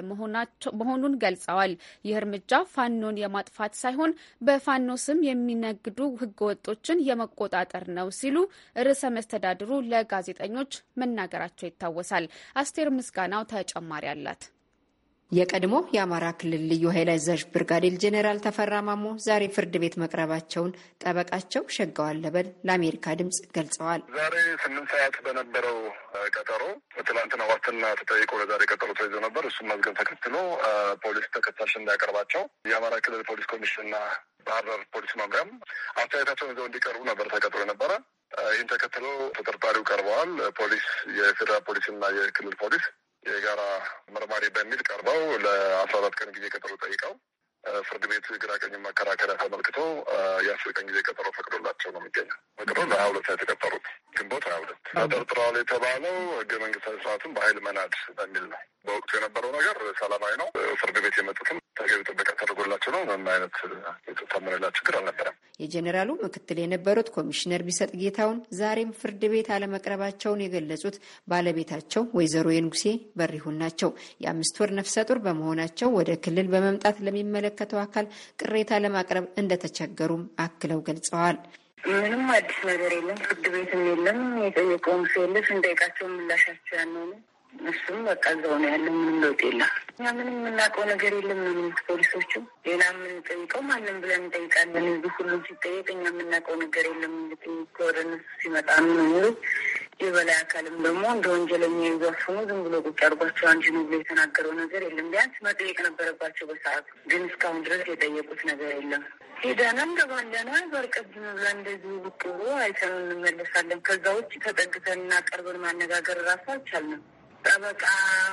መሆኑን ገልጸዋል። ይህ እርምጃ ፋኖን የማጥፋት ሳይሆን በፋኖ ስም የሚነግዱ ህገወጦችን የመቆጣጠር ነው ሲሉ ርዕሰ መስተዳድሩ ለጋዜጠኞች መናገራቸው ይታወቃል። ይታወሳል። አስቴር ምስጋናው ተጨማሪ አላት። የቀድሞ የአማራ ክልል ልዩ ኃይል አዛዥ ብርጋዴር ጄኔራል ተፈራ ማሞ ዛሬ ፍርድ ቤት መቅረባቸውን ጠበቃቸው ሸጋው ለበል ለአሜሪካ ድምፅ ገልጸዋል። ዛሬ ስምንት ሰዓት በነበረው ቀጠሮ በትላንትና ዋስትና ተጠይቆ ለዛሬ ቀጠሮ ተይዞ ነበር። እሱም መዝገብ ተከትሎ ፖሊስ ተከሳሽ እንዳያቀርባቸው የአማራ ክልል ፖሊስ ኮሚሽንና ባህር ዳር ፖሊስ መምሪያም አስተያየታቸውን ይዘው እንዲቀርቡ ነበር ተቀጥሮ የነበረ ይህን ተከትሎ ተጠርጣሪው ቀርበዋል። ፖሊስ የፌዴራል ፖሊስ እና የክልል ፖሊስ የጋራ መርማሪ በሚል ቀርበው ለአስራ አራት ቀን ጊዜ ቀጠሮ ጠይቀው ፍርድ ቤት ግራ ቀኝ መከራከሪያ ተመልክቶ የአስር ቀን ጊዜ ቀጠሮ ፈቅዶላቸው ነው የሚገኘው። ፈቅዶ ለሀያ ሁለት ነው የተቀጠሩት ግንቦት ሀያ ሁለት ተጠርጥረዋል የተባለው ህገ መንግስታዊ ስርዓቱን በሀይል መናድ በሚል ነው። በወቅቱ የነበረው ነገር ሰላማዊ ነው። ፍርድ ቤት የመጡትም ተገቢ ጥበቃ ተደርጎላቸው ነው። ምንም አይነት የታመነላቸው ችግር አልነበረም። የጀኔራሉ ምክትል የነበሩት ኮሚሽነር ቢሰጥ ጌታውን ዛሬም ፍርድ ቤት አለመቅረባቸውን የገለጹት ባለቤታቸው ወይዘሮ የንጉሴ በሪሁን ናቸው። የአምስት ወር ነፍሰ ጡር በመሆናቸው ወደ ክልል በመምጣት ለሚመለከተው አካል ቅሬታ ለማቅረብ እንደተቸገሩም አክለው ገልጸዋል። ምንም አዲስ ነገር የለም። ፍርድ ቤትም የለም። የጠየቀውም ሰው የለ። ስንጠይቃቸው ምላሻቸው ያንሆነ እሱም በቃ እዛው ነው ያለ። ምንም ለውጥ የለም። እኛ ምንም የምናውቀው ነገር የለም። ምንም ፖሊሶቹ ሌላ የምንጠይቀው ማንም ብለን እንጠይቃለን። እዚህ ሁሉም ሲጠየቅ እኛ የምናውቀው ነገር የለም። እንግዲህ ወደ እነሱ ሲመጣ ነው የሚሉ የበላይ አካልም ደግሞ እንደ ወንጀለኛ ይዟፍኑ ዝም ብሎ ቁጭ አድርጓቸው አንቺ ነው ብሎ የተናገረው ነገር የለም። ቢያንስ መጠየቅ ነበረባቸው በሰዓቱ ግን እስካሁን ድረስ የጠየቁት ነገር የለም። ሄደና እንደባለና በርቀት ብላ እንደዚህ ብቅ ብሎ አይተን እንመለሳለን። ከዛ ውጭ ተጠግተን እና ቀርበን ማነጋገር ራሱ አልቻልንም። ጠበቃ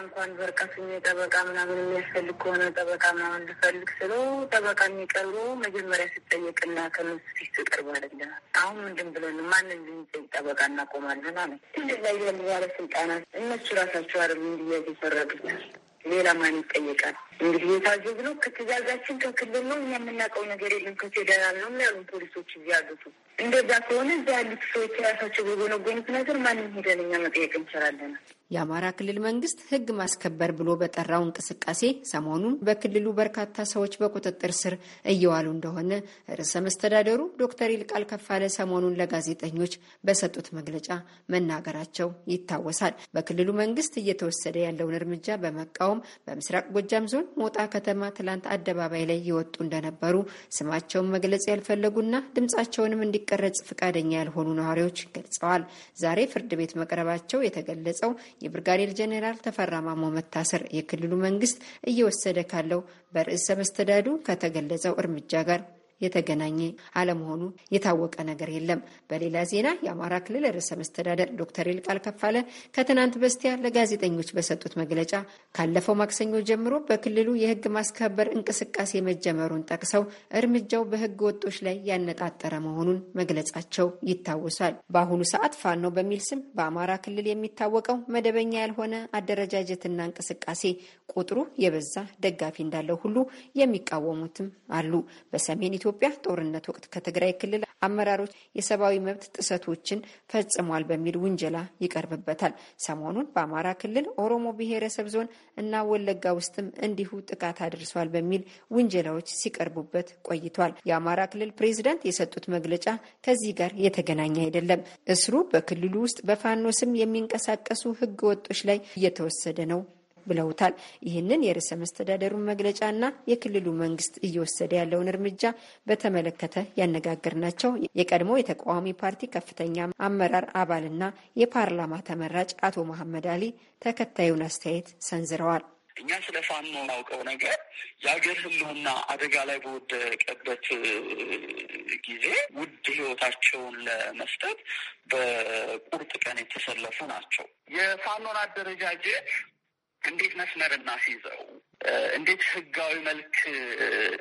እንኳን በርቀቱኝ ጠበቃ ምናምን የሚያስፈልግ ከሆነ ጠበቃ ምናምን እንድፈልግ ስለው ጠበቃ የሚቀርቡ መጀመሪያ ስጠየቅና ከነሱ ፊት ስቀርብ አይደለም። አሁን ምንድን ብለን ማንን ልንጠይቅ ጠበቃ እናቆማለን አለ። ትልቅ ላይ ያሉ ባለስልጣናት እነሱ ራሳቸው አረ እንዲያዝ ይፈረዱታል። ሌላ ማን ይጠየቃል? እንግዲህ የታዘዝ ነው ከትእዛዛችን ከክልል ነው እኛ የምናውቀው ነገር የለም ከፌደራል ነው ያሉ ፖሊሶች እዚህ ያሉት። እንደዛ ከሆነ እዚያ ያሉት ሰዎች ራሳቸው በጎነጎኑት ነገር ማንም ሄደን እኛ መጠየቅ እንችላለን። የአማራ ክልል መንግስት ህግ ማስከበር ብሎ በጠራው እንቅስቃሴ ሰሞኑን በክልሉ በርካታ ሰዎች በቁጥጥር ስር እየዋሉ እንደሆነ ርዕሰ መስተዳደሩ ዶክተር ይልቃል ከፋለ ሰሞኑን ለጋዜጠኞች በሰጡት መግለጫ መናገራቸው ይታወሳል። በክልሉ መንግስት እየተወሰደ ያለውን እርምጃ በመቃወም በምስራቅ ጎጃም ዞን ሞጣ ከተማ ትላንት አደባባይ ላይ የወጡ እንደነበሩ ስማቸውን መግለጽ ያልፈለጉና ድምጻቸውንም እንዲቀረጽ ፈቃደኛ ያልሆኑ ነዋሪዎች ገልጸዋል። ዛሬ ፍርድ ቤት መቅረባቸው የተገለጸው የብርጋዴር ጀኔራል ተፈራ ማሞ መታሰር የክልሉ መንግስት እየወሰደ ካለው በርዕሰ መስተዳዱ ከተገለጸው እርምጃ ጋር የተገናኘ አለመሆኑ የታወቀ ነገር የለም። በሌላ ዜና የአማራ ክልል ርዕሰ መስተዳደር ዶክተር ይልቃል ከፋለ ከትናንት በስቲያ ለጋዜጠኞች በሰጡት መግለጫ ካለፈው ማክሰኞ ጀምሮ በክልሉ የህግ ማስከበር እንቅስቃሴ መጀመሩን ጠቅሰው እርምጃው በህገ ወጦች ላይ ያነጣጠረ መሆኑን መግለጻቸው ይታወሳል። በአሁኑ ሰዓት ፋኖ በሚል ስም በአማራ ክልል የሚታወቀው መደበኛ ያልሆነ አደረጃጀትና እንቅስቃሴ ቁጥሩ የበዛ ደጋፊ እንዳለው ሁሉ የሚቃወሙትም አሉ። በሰሜን በኢትዮጵያ ጦርነት ወቅት ከትግራይ ክልል አመራሮች የሰብአዊ መብት ጥሰቶችን ፈጽሟል በሚል ውንጀላ ይቀርብበታል። ሰሞኑን በአማራ ክልል ኦሮሞ ብሔረሰብ ዞን እና ወለጋ ውስጥም እንዲሁ ጥቃት አድርሷል በሚል ውንጀላዎች ሲቀርቡበት ቆይቷል። የአማራ ክልል ፕሬዚዳንት የሰጡት መግለጫ ከዚህ ጋር የተገናኘ አይደለም። እስሩ በክልሉ ውስጥ በፋኖ ስም የሚንቀሳቀሱ ህገ ወጦች ላይ እየተወሰደ ነው ብለውታል። ይህንን የርዕሰ መስተዳደሩን መግለጫና የክልሉ መንግስት እየወሰደ ያለውን እርምጃ በተመለከተ ያነጋገርናቸው የቀድሞ የተቃዋሚ ፓርቲ ከፍተኛ አመራር አባልና የፓርላማ ተመራጭ አቶ መሐመድ አሊ ተከታዩን አስተያየት ሰንዝረዋል። እኛ ስለ ፋኖ የምናውቀው ነገር የሀገር ሕልውና አደጋ ላይ በወደቀበት ጊዜ ውድ ሕይወታቸውን ለመስጠት በቁርጥ ቀን የተሰለፉ ናቸው። የፋኖን አደረጃጀት እንዴት መስመር እናስይዘው፣ እንዴት ህጋዊ መልክ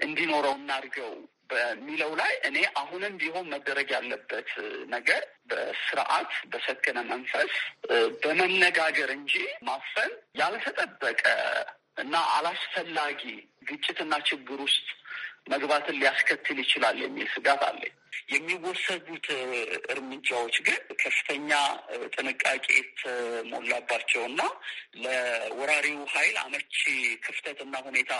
እንዲኖረው እናድርገው በሚለው ላይ እኔ አሁንም ቢሆን መደረግ ያለበት ነገር በስርዓት በሰከነ መንፈስ በመነጋገር እንጂ ማፈን ያልተጠበቀ እና አላስፈላጊ ግጭትና ችግር ውስጥ መግባትን ሊያስከትል ይችላል የሚል ስጋት አለ። የሚወሰዱት እርምጃዎች ግን ከፍተኛ ጥንቃቄ የተሞላባቸው ና ለወራሪው ኃይል አመቺ ክፍተትና ሁኔታ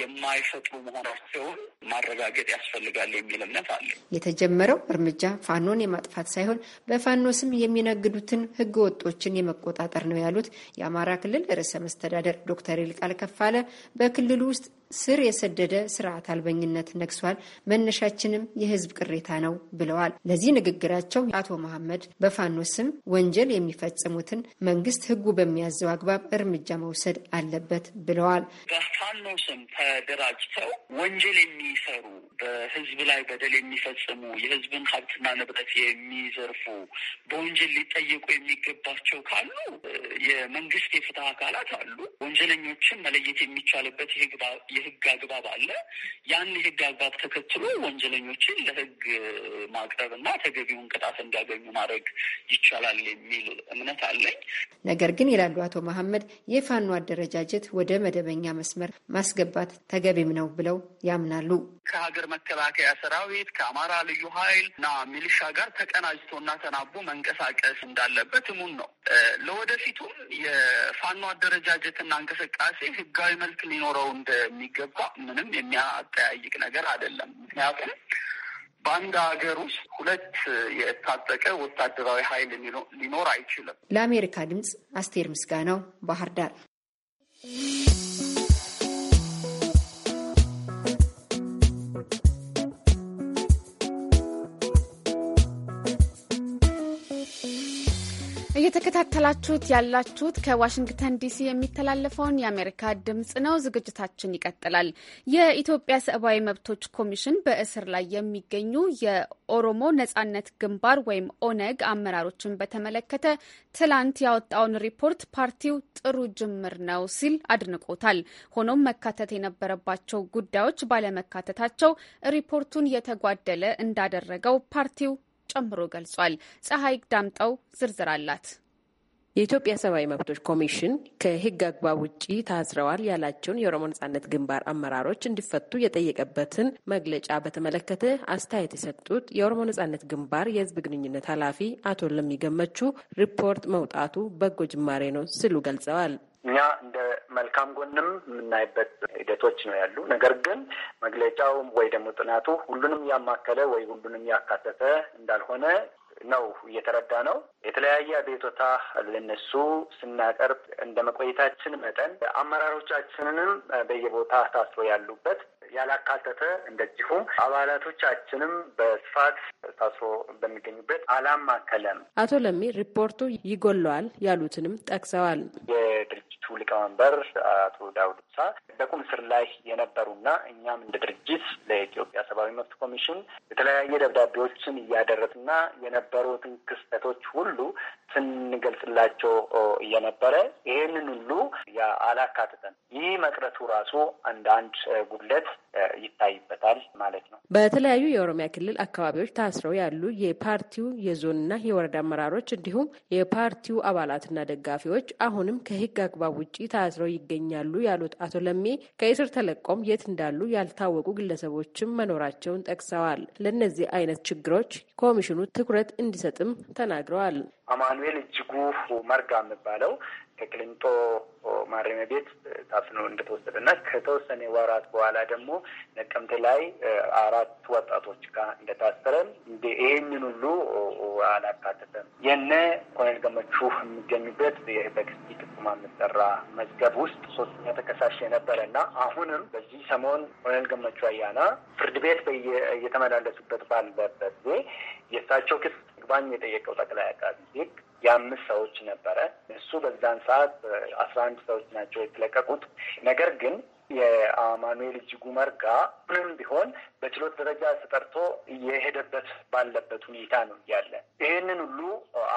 የማይፈጥሩ መሆናቸውን ማረጋገጥ ያስፈልጋል የሚል እምነት አለ። የተጀመረው እርምጃ ፋኖን የማጥፋት ሳይሆን በፋኖ ስም የሚነግዱትን ህገ ወጦችን የመቆጣጠር ነው ያሉት የአማራ ክልል ርዕሰ መስተዳደር ዶክተር ይልቃል ከፋለ በክልሉ ውስጥ ስር የሰደደ ስርዓት አልበኝነት ነግሷል፣ መነሻችንም የህዝብ ቅሬታ ነው ብለዋል። ለዚህ ንግግራቸው አቶ መሐመድ በፋኖ ስም ወንጀል የሚፈጽሙትን መንግስት ህጉ በሚያዘው አግባብ እርምጃ መውሰድ አለበት ብለዋል። በፋኖ ስም ተደራጅተው ወንጀል የሚሰሩ በህዝብ ላይ በደል የሚፈጽሙ የህዝብን ሀብትና ንብረት የሚዘርፉ በወንጀል ሊጠየቁ የሚገባቸው ካሉ የመንግስት የፍትህ አካላት አሉ። ወንጀለኞችን መለየት የሚቻልበት የህግ አግባብ አለ። ያን የህግ አግባብ ተከትሎ ወንጀለኞችን ለህግ ማቅረብ እና ተገቢውን ቅጣት እንዲያገኙ ማድረግ ይቻላል የሚል እምነት አለኝ። ነገር ግን ይላሉ አቶ መሐመድ የፋኖ አደረጃጀት ወደ መደበኛ መስመር ማስገባት ተገቢም ነው ብለው ያምናሉ። ከሀገር መከላከያ ሰራዊት ከአማራ ልዩ ኃይል እና ሚሊሻ ጋር ተቀናጅቶና ተናቦ መንቀሳቀስ እንዳለበት እሙን ነው። ለወደፊቱም የፋኖ አደረጃጀትና እንቅስቃሴ ህጋዊ መልክ ሊኖረው እንደሚ በሚገባ ምንም የሚያጠያይቅ ነገር አይደለም። ምክንያቱም በአንድ ሀገር ውስጥ ሁለት የታጠቀ ወታደራዊ ኃይል ሊኖር አይችልም። ለአሜሪካ ድምፅ አስቴር ምስጋናው ባህር ዳር እየተከታተላችሁት ያላችሁት ከዋሽንግተን ዲሲ የሚተላለፈውን የአሜሪካ ድምፅ ነው። ዝግጅታችን ይቀጥላል። የኢትዮጵያ ሰብአዊ መብቶች ኮሚሽን በእስር ላይ የሚገኙ የኦሮሞ ነጻነት ግንባር ወይም ኦነግ አመራሮችን በተመለከተ ትላንት ያወጣውን ሪፖርት ፓርቲው ጥሩ ጅምር ነው ሲል አድንቆታል። ሆኖም መካተት የነበረባቸው ጉዳዮች ባለመካተታቸው ሪፖርቱን የተጓደለ እንዳደረገው ፓርቲው ጨምሮ ገልጿል። ፀሐይ ዳምጠው ዝርዝር አላት። የኢትዮጵያ ሰብአዊ መብቶች ኮሚሽን ከሕግ አግባብ ውጭ ታስረዋል ያላቸውን የኦሮሞ ነጻነት ግንባር አመራሮች እንዲፈቱ የጠየቀበትን መግለጫ በተመለከተ አስተያየት የሰጡት የኦሮሞ ነጻነት ግንባር የሕዝብ ግንኙነት ኃላፊ አቶ ለሚገመቹ ሪፖርት መውጣቱ በጎ ጅማሬ ነው ሲሉ ገልጸዋል። እኛ እንደ መልካም ጎንም የምናይበት ሂደቶች ነው ያሉ። ነገር ግን መግለጫው ወይ ደግሞ ጥናቱ ሁሉንም ያማከለ ወይ ሁሉንም ያካተተ እንዳልሆነ ነው እየተረዳ ነው። የተለያየ አቤቶታ ለነሱ ስናቀርብ እንደ መቆየታችን መጠን አመራሮቻችንንም በየቦታ ታስሮ ያሉበት ያላካተተ እንደዚሁም አባላቶቻችንም በስፋት ታስሮ በሚገኙበት አላማከለም። አቶ ለሚ ሪፖርቱ ይጎለዋል ያሉትንም ጠቅሰዋል። ድርጅቱ ሊቀመንበር አቶ ዳውድ ኢብሳ በቁም እስር ላይ የነበሩና እኛም እንደ ድርጅት ለኢትዮጵያ ሰብአዊ መብት ኮሚሽን የተለያየ ደብዳቤዎችን እያደረስና የነበሩትን ክስተቶች ሁሉ ስንገልጽላቸው እየነበረ ይህንን ሁሉ አላካትተን ይህ መቅረቱ ራሱ አንዳንድ ጉድለት ይታይበታል ማለት ነው። በተለያዩ የኦሮሚያ ክልል አካባቢዎች ታስረው ያሉ የፓርቲው የዞንና የወረዳ አመራሮች እንዲሁም የፓርቲው አባላትና ደጋፊዎች አሁንም ከህግ አግባ ከአግባብ ውጪ ታስረው ይገኛሉ ያሉት አቶ ለሜ ከእስር ተለቆም የት እንዳሉ ያልታወቁ ግለሰቦችም መኖራቸውን ጠቅሰዋል። ለእነዚህ አይነት ችግሮች ኮሚሽኑ ትኩረት እንዲሰጥም ተናግረዋል። አማኑኤል እጅጉ መርጋ የሚባለው ከቅሊንጦ ማረሚያ ቤት ታፍኖ እንደተወሰደ እና ከተወሰነ ወራት በኋላ ደግሞ ነቀምት ላይ አራት ወጣቶች ጋር እንደታሰረም ይህንን ሁሉ አላካተተም። የነ ኮሎኔል ገመቹ የሚገኙበት በክስቲ ጥቁማ የምጠራ መዝገብ ውስጥ ሶስተኛ ተከሳሽ የነበረ እና አሁንም በዚህ ሰሞን ኮሎኔል ገመቹ አያና ፍርድ ቤት እየተመላለሱበት ባለበት ጊዜ የእሳቸው ክስ ይግባኝ የጠየቀው ጠቅላይ አቃቢ ሕግ የአምስት ሰዎች ነበረ። እሱ በዛን ሰዓት አስራ አንድ ሰዎች ናቸው የተለቀቁት። ነገር ግን የአማኑኤል እጅጉ መርጋ ምንም ቢሆን በችሎት ደረጃ ተጠርቶ እየሄደበት ባለበት ሁኔታ ነው ያለ። ይህንን ሁሉ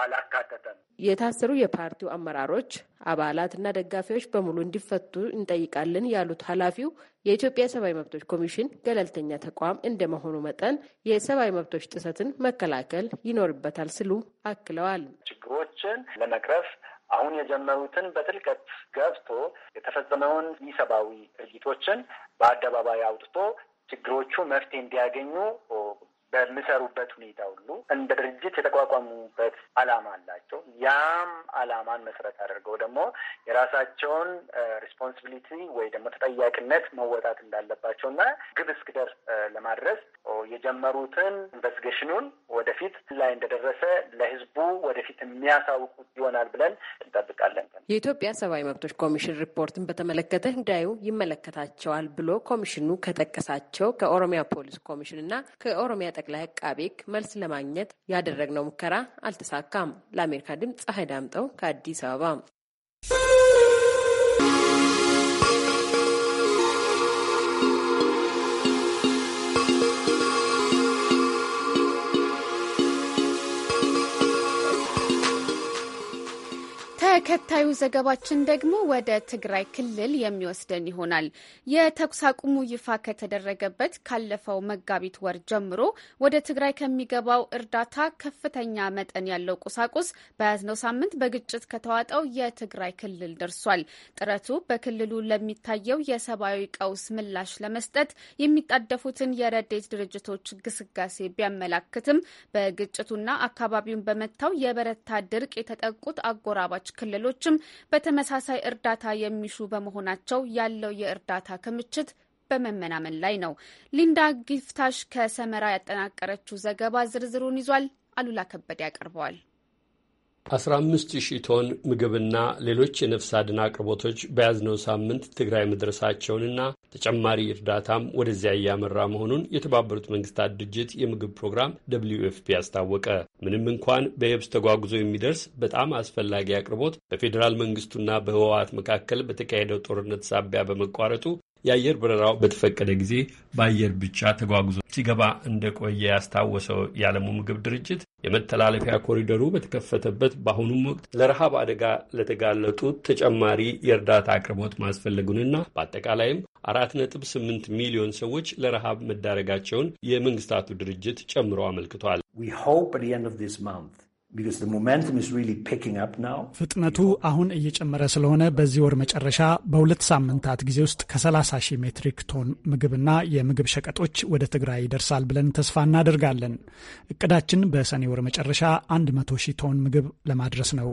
አላካተተም። የታሰሩ የፓርቲው አመራሮች አባላትና ደጋፊዎች በሙሉ እንዲፈቱ እንጠይቃለን ያሉት ኃላፊው የኢትዮጵያ ሰብዊ መብቶች ኮሚሽን ገለልተኛ ተቋም እንደመሆኑ መጠን የሰብአዊ መብቶች ጥሰትን መከላከል ይኖርበታል ሲሉ አክለዋል። ችግሮችን ለመቅረፍ አሁን የጀመሩትን በጥልቀት ገብቶ የተፈጸመውን ኢሰብአዊ ድርጊቶችን በአደባባይ አውጥቶ ችግሮቹ መፍትሄ እንዲያገኙ በሚሰሩበት ሁኔታ ሁሉ እንደ ድርጅት የተቋቋሙበት አላማ አላቸው። ያም አላማን መሰረት አድርገው ደግሞ የራሳቸውን ሪስፖንሲቢሊቲ ወይ ደግሞ ተጠያቂነት መወጣት እንዳለባቸው እና ግብ እስክደር ለማድረስ የጀመሩትን ኢንቨስቲጌሽኑን ወደፊት ላይ እንደደረሰ ለህዝቡ ወደፊት የሚያሳውቁት ይሆናል ብለን እንጠብቃለን። የኢትዮጵያ ሰብአዊ መብቶች ኮሚሽን ሪፖርትን በተመለከተ ጉዳዩ ይመለከታቸዋል ብሎ ኮሚሽኑ ከጠቀሳቸው ከኦሮሚያ ፖሊስ ኮሚሽን እና ከኦሮሚያ ጠቅላይ አቃቤ ሕግ መልስ ለማግኘት ያደረግነው ሙከራ አልተሳካም። ለአሜሪካ ድምፅ ፀሐይ ዳምጠው ከአዲስ አበባ ተከታዩ ዘገባችን ደግሞ ወደ ትግራይ ክልል የሚወስደን ይሆናል። የተኩስ አቁሙ ይፋ ከተደረገበት ካለፈው መጋቢት ወር ጀምሮ ወደ ትግራይ ከሚገባው እርዳታ ከፍተኛ መጠን ያለው ቁሳቁስ በያዝነው ሳምንት በግጭት ከተዋጠው የትግራይ ክልል ደርሷል። ጥረቱ በክልሉ ለሚታየው የሰብአዊ ቀውስ ምላሽ ለመስጠት የሚጣደፉትን የረዴት ድርጅቶች ግስጋሴ ቢያመላክትም በግጭቱና አካባቢውን በመታው የበረታ ድርቅ የተጠቁት አጎራባች ክልል ክልሎችም በተመሳሳይ እርዳታ የሚሹ በመሆናቸው ያለው የእርዳታ ክምችት በመመናመን ላይ ነው። ሊንዳ ጊፍታሽ ከሰመራ ያጠናቀረችው ዘገባ ዝርዝሩን ይዟል። አሉላ ከበደ ያቀርበዋል። 15,000 ቶን ምግብና ሌሎች የነፍስ አድን አቅርቦቶች በያዝነው ሳምንት ትግራይ መድረሳቸውንና ተጨማሪ እርዳታም ወደዚያ እያመራ መሆኑን የተባበሩት መንግስታት ድርጅት የምግብ ፕሮግራም ደብልዩ ኤፍፒ አስታወቀ። ምንም እንኳን በየብስ ተጓጉዞ የሚደርስ በጣም አስፈላጊ አቅርቦት በፌዴራል መንግስቱና በህወሓት መካከል በተካሄደው ጦርነት ሳቢያ በመቋረጡ የአየር በረራው በተፈቀደ ጊዜ በአየር ብቻ ተጓጉዞ ሲገባ እንደቆየ ያስታወሰው የዓለሙ ምግብ ድርጅት የመተላለፊያ ኮሪደሩ በተከፈተበት በአሁኑም ወቅት ለረሃብ አደጋ ለተጋለጡ ተጨማሪ የእርዳታ አቅርቦት ማስፈለጉንና በአጠቃላይም አራት ነጥብ ስምንት ሚሊዮን ሰዎች ለረሃብ መዳረጋቸውን የመንግስታቱ ድርጅት ጨምሮ አመልክቷል። ፍጥነቱ አሁን እየጨመረ ስለሆነ በዚህ ወር መጨረሻ በሁለት ሳምንታት ጊዜ ውስጥ ከ30 ሺህ ሜትሪክ ቶን ምግብና የምግብ ሸቀጦች ወደ ትግራይ ይደርሳል ብለን ተስፋ እናደርጋለን። እቅዳችን በሰኔ ወር መጨረሻ 100 ሺህ ቶን ምግብ ለማድረስ ነው።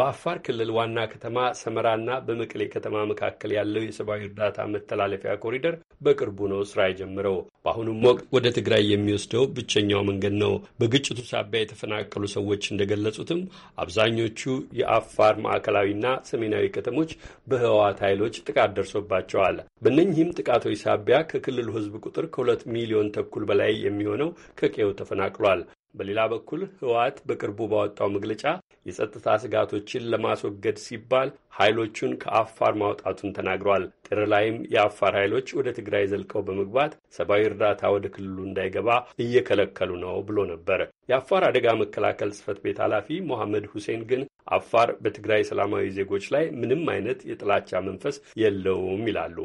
በአፋር ክልል ዋና ከተማ ሰመራና በመቀሌ ከተማ መካከል ያለው የሰብአዊ እርዳታ መተላለፊያ ኮሪደር በቅርቡ ነው ስራ የጀመረው። በአሁኑም ወቅት ወደ ትግራይ የሚወስደው ብቸኛው መንገድ ነው። በግጭቱ ሳቢያ የተፈናቀሉ ሰዎች እንደገለጹትም አብዛኞቹ የአፋር ማዕከላዊና ሰሜናዊ ከተሞች በህወሓት ኃይሎች ጥቃት ደርሶባቸዋል። በእነኚህም ጥቃቶች ሳቢያ ከክልሉ ህዝብ ቁጥር ከሁለት ሚሊዮን ተኩል በላይ የሚሆነው ከቄው ተፈናቅሏል። በሌላ በኩል ህወሓት በቅርቡ ባወጣው መግለጫ የጸጥታ ስጋቶችን ለማስወገድ ሲባል ኃይሎቹን ከአፋር ማውጣቱን ተናግሯል። ጥር ላይም የአፋር ኃይሎች ወደ ትግራይ ዘልቀው በመግባት ሰብአዊ እርዳታ ወደ ክልሉ እንዳይገባ እየከለከሉ ነው ብሎ ነበር። የአፋር አደጋ መከላከል ጽህፈት ቤት ኃላፊ ሞሐመድ ሁሴን ግን አፋር በትግራይ ሰላማዊ ዜጎች ላይ ምንም አይነት የጥላቻ መንፈስ የለውም ይላሉ።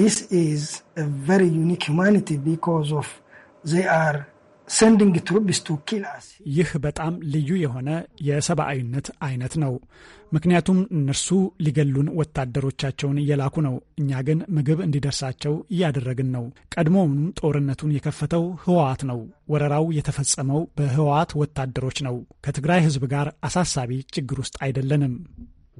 This is a very unique humanity because of they are ይህ በጣም ልዩ የሆነ የሰብአዊነት አይነት ነው። ምክንያቱም እነርሱ ሊገሉን ወታደሮቻቸውን እየላኩ ነው። እኛ ግን ምግብ እንዲደርሳቸው እያደረግን ነው። ቀድሞውኑ ጦርነቱን የከፈተው ህወሓት ነው። ወረራው የተፈጸመው በህወሓት ወታደሮች ነው። ከትግራይ ህዝብ ጋር አሳሳቢ ችግር ውስጥ አይደለንም።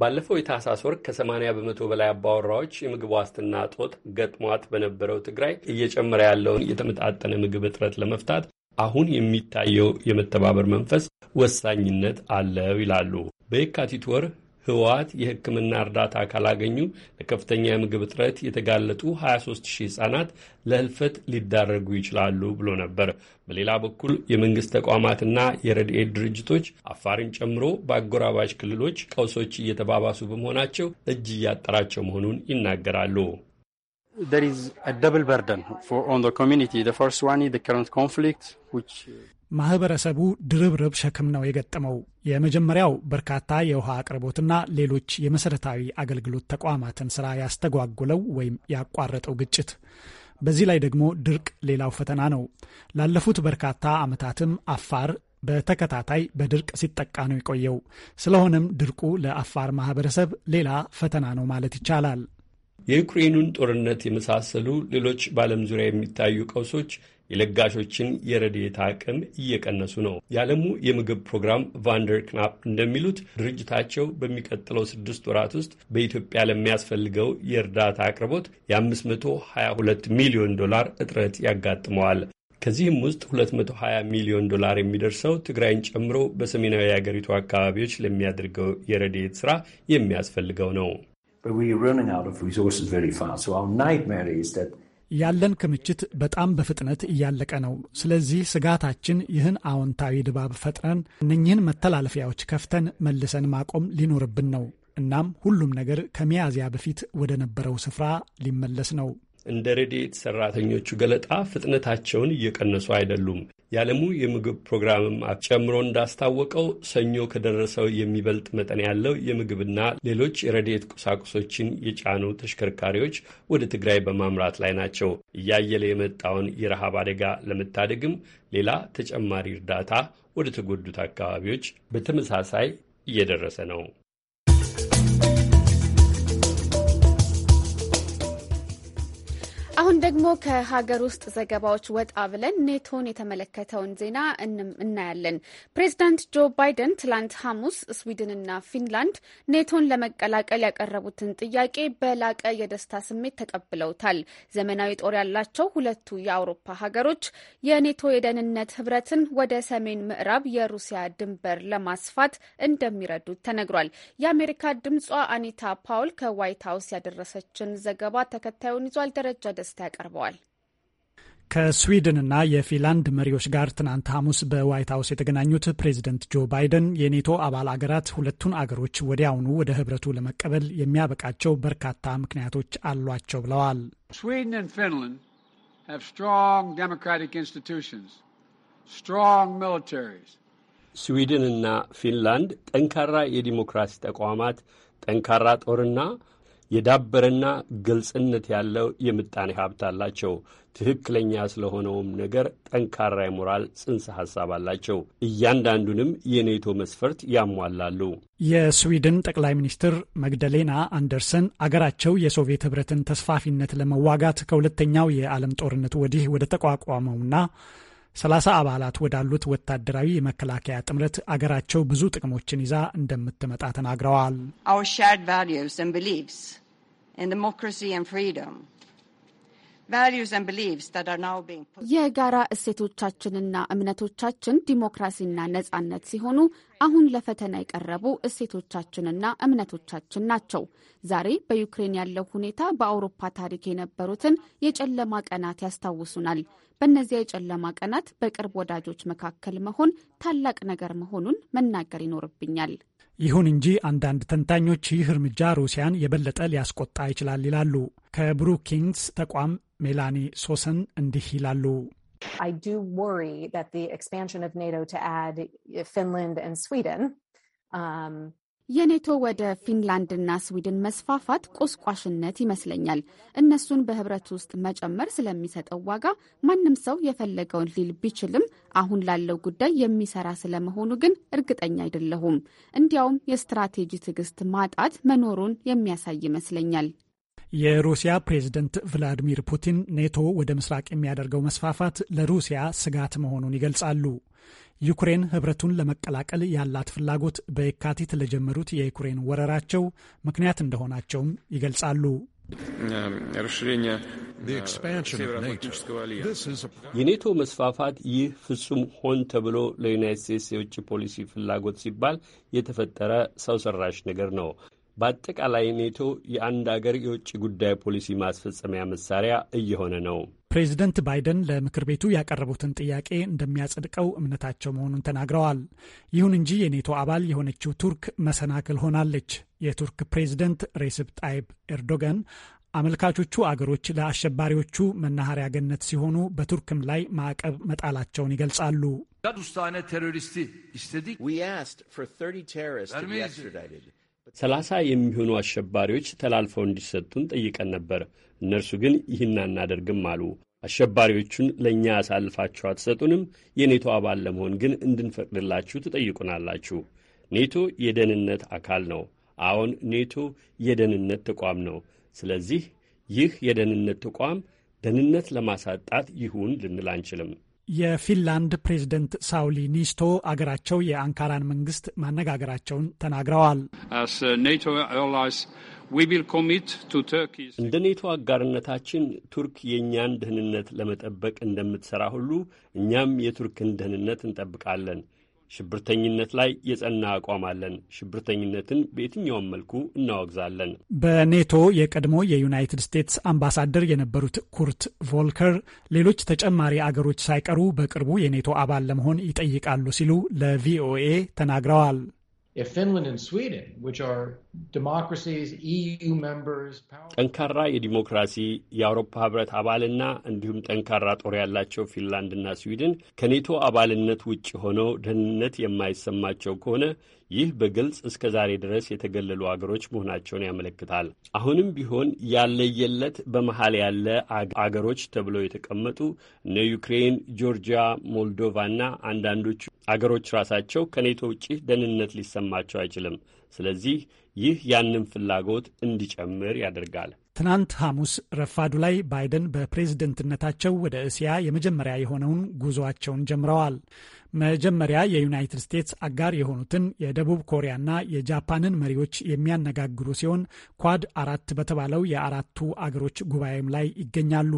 ባለፈው የታህሳስ ወር ከ80 በመቶ በላይ አባወራዎች የምግብ ዋስትና ጦት ገጥሟት በነበረው ትግራይ እየጨመረ ያለውን የተመጣጠነ ምግብ እጥረት ለመፍታት አሁን የሚታየው የመተባበር መንፈስ ወሳኝነት አለው ይላሉ። በየካቲት ወር ህወሓት የሕክምና እርዳታ ካላገኙ ለከፍተኛ የምግብ እጥረት የተጋለጡ 23 ሺህ ህጻናት ለህልፈት ሊዳረጉ ይችላሉ ብሎ ነበር። በሌላ በኩል የመንግሥት ተቋማትና የረድኤት ድርጅቶች አፋርን ጨምሮ በአጎራባች ክልሎች ቀውሶች እየተባባሱ በመሆናቸው እጅ እያጠራቸው መሆኑን ይናገራሉ። ማህበረሰቡ ድርብርብ ሸክም ነው የገጠመው። የመጀመሪያው በርካታ የውሃ አቅርቦትና ሌሎች የመሰረታዊ አገልግሎት ተቋማትን ስራ ያስተጓጉለው ወይም ያቋረጠው ግጭት በዚህ ላይ ደግሞ ድርቅ ሌላው ፈተና ነው። ላለፉት በርካታ ዓመታትም አፋር በተከታታይ በድርቅ ሲጠቃ ነው የቆየው። ስለሆነም ድርቁ ለአፋር ማህበረሰብ ሌላ ፈተና ነው ማለት ይቻላል። የዩክሬኑን ጦርነት የመሳሰሉ ሌሎች በዓለም ዙሪያ የሚታዩ ቀውሶች የለጋሾችን የረድኤት አቅም እየቀነሱ ነው። የዓለሙ የምግብ ፕሮግራም ቫንደር ክናፕ እንደሚሉት ድርጅታቸው በሚቀጥለው ስድስት ወራት ውስጥ በኢትዮጵያ ለሚያስፈልገው የእርዳታ አቅርቦት የ522 ሚሊዮን ዶላር እጥረት ያጋጥመዋል። ከዚህም ውስጥ 220 ሚሊዮን ዶላር የሚደርሰው ትግራይን ጨምሮ በሰሜናዊ የአገሪቱ አካባቢዎች ለሚያደርገው የረድኤት ሥራ የሚያስፈልገው ነው። ያለን ክምችት በጣም በፍጥነት እያለቀ ነው። ስለዚህ ስጋታችን ይህን አዎንታዊ ድባብ ፈጥረን እነኚህን መተላለፊያዎች ከፍተን መልሰን ማቆም ሊኖርብን ነው። እናም ሁሉም ነገር ከሚያዝያ በፊት ወደ ነበረው ስፍራ ሊመለስ ነው። እንደ ረድኤት ሰራተኞቹ ገለጣ ፍጥነታቸውን እየቀነሱ አይደሉም። የዓለሙ የምግብ ፕሮግራምም ጨምሮ እንዳስታወቀው ሰኞ ከደረሰው የሚበልጥ መጠን ያለው የምግብና ሌሎች የረድኤት ቁሳቁሶችን የጫኑ ተሽከርካሪዎች ወደ ትግራይ በማምራት ላይ ናቸው። እያየለ የመጣውን የረሃብ አደጋ ለመታደግም ሌላ ተጨማሪ እርዳታ ወደ ተጎዱት አካባቢዎች በተመሳሳይ እየደረሰ ነው። አሁን ደግሞ ከሀገር ውስጥ ዘገባዎች ወጣ ብለን ኔቶን የተመለከተውን ዜና እናያለን። ፕሬዚዳንት ጆ ባይደን ትላንት ሐሙስ ስዊድንና ፊንላንድ ኔቶን ለመቀላቀል ያቀረቡትን ጥያቄ በላቀ የደስታ ስሜት ተቀብለውታል። ዘመናዊ ጦር ያላቸው ሁለቱ የአውሮፓ ሀገሮች የኔቶ የደህንነት ህብረትን ወደ ሰሜን ምዕራብ የሩሲያ ድንበር ለማስፋት እንደሚረዱ ተነግሯል። የአሜሪካ ድምጿ አኒታ ፓውል ከዋይት ሀውስ ያደረሰችን ዘገባ ተከታዩን ይዟል። ደረጃ ደስታ ያቀርበዋል። ከስዊድንና የፊንላንድ መሪዎች ጋር ትናንት ሐሙስ በዋይት ሀውስ የተገናኙት ፕሬዚደንት ጆ ባይደን የኔቶ አባል አገራት ሁለቱን አገሮች ወዲያውኑ ወደ ህብረቱ ለመቀበል የሚያበቃቸው በርካታ ምክንያቶች አሏቸው ብለዋል። ስዊድንና ፊንላንድ ጠንካራ የዲሞክራሲ ተቋማት፣ ጠንካራ ጦርና የዳበረና ግልጽነት ያለው የምጣኔ ሀብት አላቸው። ትክክለኛ ስለሆነውም ነገር ጠንካራ የሞራል ጽንሰ ሀሳብ አላቸው። እያንዳንዱንም የኔቶ መስፈርት ያሟላሉ። የስዊድን ጠቅላይ ሚኒስትር መግደሌና አንደርሰን አገራቸው የሶቪየት ህብረትን ተስፋፊነት ለመዋጋት ከሁለተኛው የዓለም ጦርነት ወዲህ ወደ ተቋቋመውና 30 አባላት ወዳሉት ወታደራዊ የመከላከያ ጥምረት አገራቸው ብዙ ጥቅሞችን ይዛ እንደምትመጣ ተናግረዋል። የጋራ እሴቶቻችንና እምነቶቻችን ዲሞክራሲና ነጻነት ሲሆኑ አሁን ለፈተና የቀረቡ እሴቶቻችንና እምነቶቻችን ናቸው። ዛሬ በዩክሬን ያለው ሁኔታ በአውሮፓ ታሪክ የነበሩትን የጨለማ ቀናት ያስታውሱናል። በእነዚያ የጨለማ ቀናት በቅርብ ወዳጆች መካከል መሆን ታላቅ ነገር መሆኑን መናገር ይኖርብኛል። ይሁን እንጂ አንዳንድ ተንታኞች ይህ እርምጃ ሩሲያን የበለጠ ሊያስቆጣ ይችላል ይላሉ። ከብሩኪንግስ ተቋም ሜላኒ ሶሰን እንዲህ ይላሉ። I do worry that the expansion of NATO to add Finland and Sweden um, የኔቶ ወደ ፊንላንድና ስዊድን መስፋፋት ቆስቋሽነት ይመስለኛል። እነሱን በህብረት ውስጥ መጨመር ስለሚሰጠው ዋጋ ማንም ሰው የፈለገውን ሊል ቢችልም አሁን ላለው ጉዳይ የሚሰራ ስለመሆኑ ግን እርግጠኛ አይደለሁም። እንዲያውም የስትራቴጂ ትዕግስት ማጣት መኖሩን የሚያሳይ ይመስለኛል። የሩሲያ ፕሬዝደንት ቭላዲሚር ፑቲን ኔቶ ወደ ምስራቅ የሚያደርገው መስፋፋት ለሩሲያ ስጋት መሆኑን ይገልጻሉ። ዩክሬን ህብረቱን ለመቀላቀል ያላት ፍላጎት በየካቲት ለጀመሩት የዩክሬን ወረራቸው ምክንያት እንደሆናቸውም ይገልጻሉ። የኔቶ መስፋፋት ይህ ፍጹም ሆን ተብሎ ለዩናይት ስቴትስ የውጭ ፖሊሲ ፍላጎት ሲባል የተፈጠረ ሰው ሰራሽ ነገር ነው። በአጠቃላይ ኔቶ የአንድ አገር የውጭ ጉዳይ ፖሊሲ ማስፈጸሚያ መሳሪያ እየሆነ ነው። ፕሬዚደንት ባይደን ለምክር ቤቱ ያቀረቡትን ጥያቄ እንደሚያጸድቀው እምነታቸው መሆኑን ተናግረዋል። ይሁን እንጂ የኔቶ አባል የሆነችው ቱርክ መሰናክል ሆናለች። የቱርክ ፕሬዚደንት ሬስፕ ጣይብ ኤርዶጋን አመልካቾቹ አገሮች ለአሸባሪዎቹ መናኸሪያ ገነት ሲሆኑ በቱርክም ላይ ማዕቀብ መጣላቸውን ይገልጻሉ። ሰላሳ የሚሆኑ አሸባሪዎች ተላልፈው እንዲሰጡን ጠይቀን ነበር። እነርሱ ግን ይህን አናደርግም አሉ። አሸባሪዎቹን ለእኛ አሳልፋችሁ አትሰጡንም። የኔቶ አባል ለመሆን ግን እንድንፈቅድላችሁ ትጠይቁናላችሁ። ኔቶ የደህንነት አካል ነው። አዎን፣ ኔቶ የደህንነት ተቋም ነው። ስለዚህ ይህ የደህንነት ተቋም ደህንነት ለማሳጣት ይሁን ልንል አንችልም። የፊንላንድ ፕሬዝደንት ሳውሊ ኒስቶ አገራቸው የአንካራን መንግስት ማነጋገራቸውን ተናግረዋል። uh, እንደ ኔቶ አጋርነታችን ቱርክ የእኛን ደህንነት ለመጠበቅ እንደምትሰራ ሁሉ እኛም የቱርክን ደህንነት እንጠብቃለን። ሽብርተኝነት ላይ የጸና አቋም አለን። ሽብርተኝነትን በየትኛውም መልኩ እናወግዛለን። በኔቶ የቀድሞ የዩናይትድ ስቴትስ አምባሳደር የነበሩት ኩርት ቮልከር ሌሎች ተጨማሪ አገሮች ሳይቀሩ በቅርቡ የኔቶ አባል ለመሆን ይጠይቃሉ ሲሉ ለቪኦኤ ተናግረዋል። E ጠንካራ የዲሞክራሲ የአውሮፓ ህብረት አባልና እንዲሁም ጠንካራ ጦር ያላቸው ፊንላንድና ስዊድን ከኔቶ አባልነት ውጭ ሆነው ደህንነት የማይሰማቸው ከሆነ ይህ በግልጽ እስከ ዛሬ ድረስ የተገለሉ አገሮች መሆናቸውን ያመለክታል። አሁንም ቢሆን ያለየለት በመሀል ያለ አገሮች ተብለው የተቀመጡ እነ ዩክሬን፣ ጆርጂያ፣ ሞልዶቫ እና አንዳንዶቹ አገሮች ራሳቸው ከኔቶ ውጪ ደህንነት ሊሰማቸው አይችልም። ስለዚህ ይህ ያንን ፍላጎት እንዲጨምር ያደርጋል። ትናንት ሐሙስ ረፋዱ ላይ ባይደን በፕሬዝደንትነታቸው ወደ እስያ የመጀመሪያ የሆነውን ጉዞአቸውን ጀምረዋል። መጀመሪያ የዩናይትድ ስቴትስ አጋር የሆኑትን የደቡብ ኮሪያና የጃፓንን መሪዎች የሚያነጋግሩ ሲሆን ኳድ አራት በተባለው የአራቱ አገሮች ጉባኤም ላይ ይገኛሉ።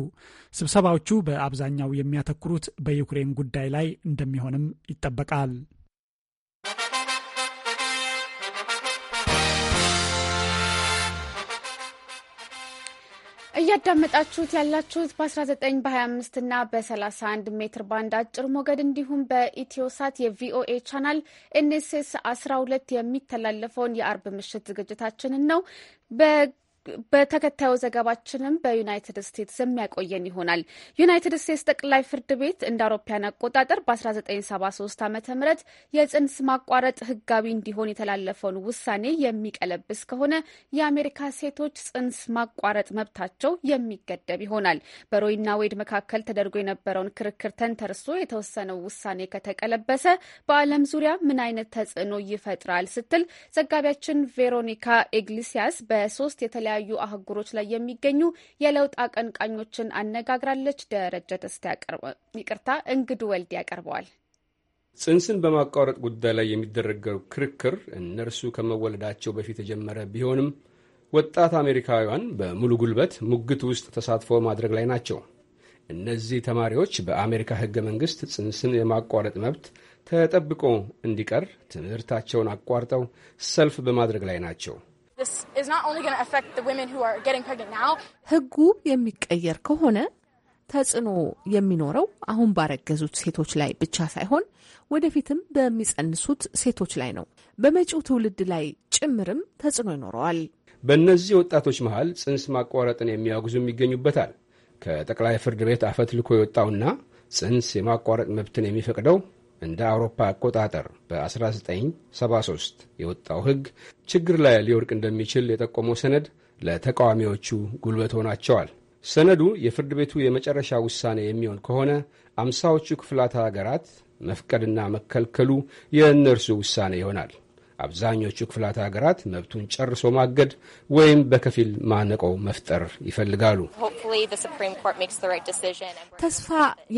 ስብሰባዎቹ በአብዛኛው የሚያተኩሩት በዩክሬን ጉዳይ ላይ እንደሚሆንም ይጠበቃል። እያዳመጣችሁት ያላችሁት በ19 በ25 እና በ31 ሜትር ባንድ አጭር ሞገድ እንዲሁም በኢትዮሳት የቪኦኤ ቻናል ኤንኤስኤስ 12 የሚተላለፈውን የአርብ ምሽት ዝግጅታችንን ነው። በተከታዩ ዘገባችንም በዩናይትድ ስቴትስ የሚያቆየን ይሆናል። ዩናይትድ ስቴትስ ጠቅላይ ፍርድ ቤት እንደ አውሮፓያን አቆጣጠር በ1973 ዓ ም የጽንስ ማቋረጥ ህጋዊ እንዲሆን የተላለፈውን ውሳኔ የሚቀለብስ ከሆነ የአሜሪካ ሴቶች ጽንስ ማቋረጥ መብታቸው የሚገደብ ይሆናል። በሮይና ዌድ መካከል ተደርጎ የነበረውን ክርክር ተንተርሶ የተወሰነው ውሳኔ ከተቀለበሰ በዓለም ዙሪያ ምን አይነት ተጽዕኖ ይፈጥራል ስትል ዘጋቢያችን ቬሮኒካ ኤግሊሲያስ በሶስት የተለያ በተለያዩ አህጉሮች ላይ የሚገኙ የለውጥ አቀንቃኞችን አነጋግራለች። ደረጀ ደስታ ይቅርታ እንግዱ ወልድ ያቀርበዋል። ጽንስን በማቋረጥ ጉዳይ ላይ የሚደረገው ክርክር እነርሱ ከመወለዳቸው በፊት የጀመረ ቢሆንም ወጣት አሜሪካውያን በሙሉ ጉልበት ሙግት ውስጥ ተሳትፎ ማድረግ ላይ ናቸው። እነዚህ ተማሪዎች በአሜሪካ ሕገ መንግሥት ጽንስን የማቋረጥ መብት ተጠብቆ እንዲቀር ትምህርታቸውን አቋርጠው ሰልፍ በማድረግ ላይ ናቸው። ህጉ የሚቀየር ከሆነ ተጽዕኖ የሚኖረው አሁን ባረገዙት ሴቶች ላይ ብቻ ሳይሆን ወደፊትም በሚጸንሱት ሴቶች ላይ ነው። በመጪው ትውልድ ላይ ጭምርም ተጽዕኖ ይኖረዋል። በእነዚህ ወጣቶች መሃል ጽንስ ማቋረጥን የሚያወግዙም ይገኙበታል። ከጠቅላይ ፍርድ ቤት አፈትልኮ የወጣውና ጽንስ የማቋረጥ መብትን የሚፈቅደው እንደ አውሮፓ አቆጣጠር በ1973 የወጣው ሕግ ችግር ላይ ሊወድቅ እንደሚችል የጠቆመው ሰነድ ለተቃዋሚዎቹ ጉልበት ሆናቸዋል። ሰነዱ የፍርድ ቤቱ የመጨረሻ ውሳኔ የሚሆን ከሆነ አምሳዎቹ ክፍላተ ሀገራት መፍቀድና መከልከሉ የእነርሱ ውሳኔ ይሆናል። አብዛኞቹ ክፍላት ሀገራት መብቱን ጨርሶ ማገድ ወይም በከፊል ማነቆ መፍጠር ይፈልጋሉ። ተስፋ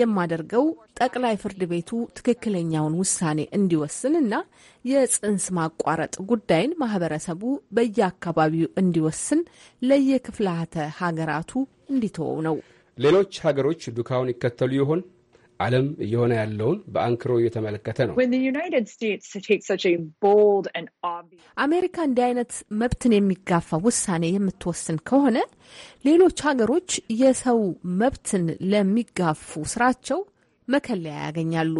የማደርገው ጠቅላይ ፍርድ ቤቱ ትክክለኛውን ውሳኔ እንዲወስን እና የጽንስ ማቋረጥ ጉዳይን ማህበረሰቡ በየአካባቢው እንዲወስን ለየክፍላተ ሀገራቱ እንዲተወው ነው። ሌሎች ሀገሮች ዱካውን ይከተሉ ይሆን? ዓለም እየሆነ ያለውን በአንክሮ እየተመለከተ ነው። አሜሪካ እንዲህ አይነት መብትን የሚጋፋ ውሳኔ የምትወስን ከሆነ ሌሎች ሀገሮች የሰው መብትን ለሚጋፉ ስራቸው መከለያ ያገኛሉ።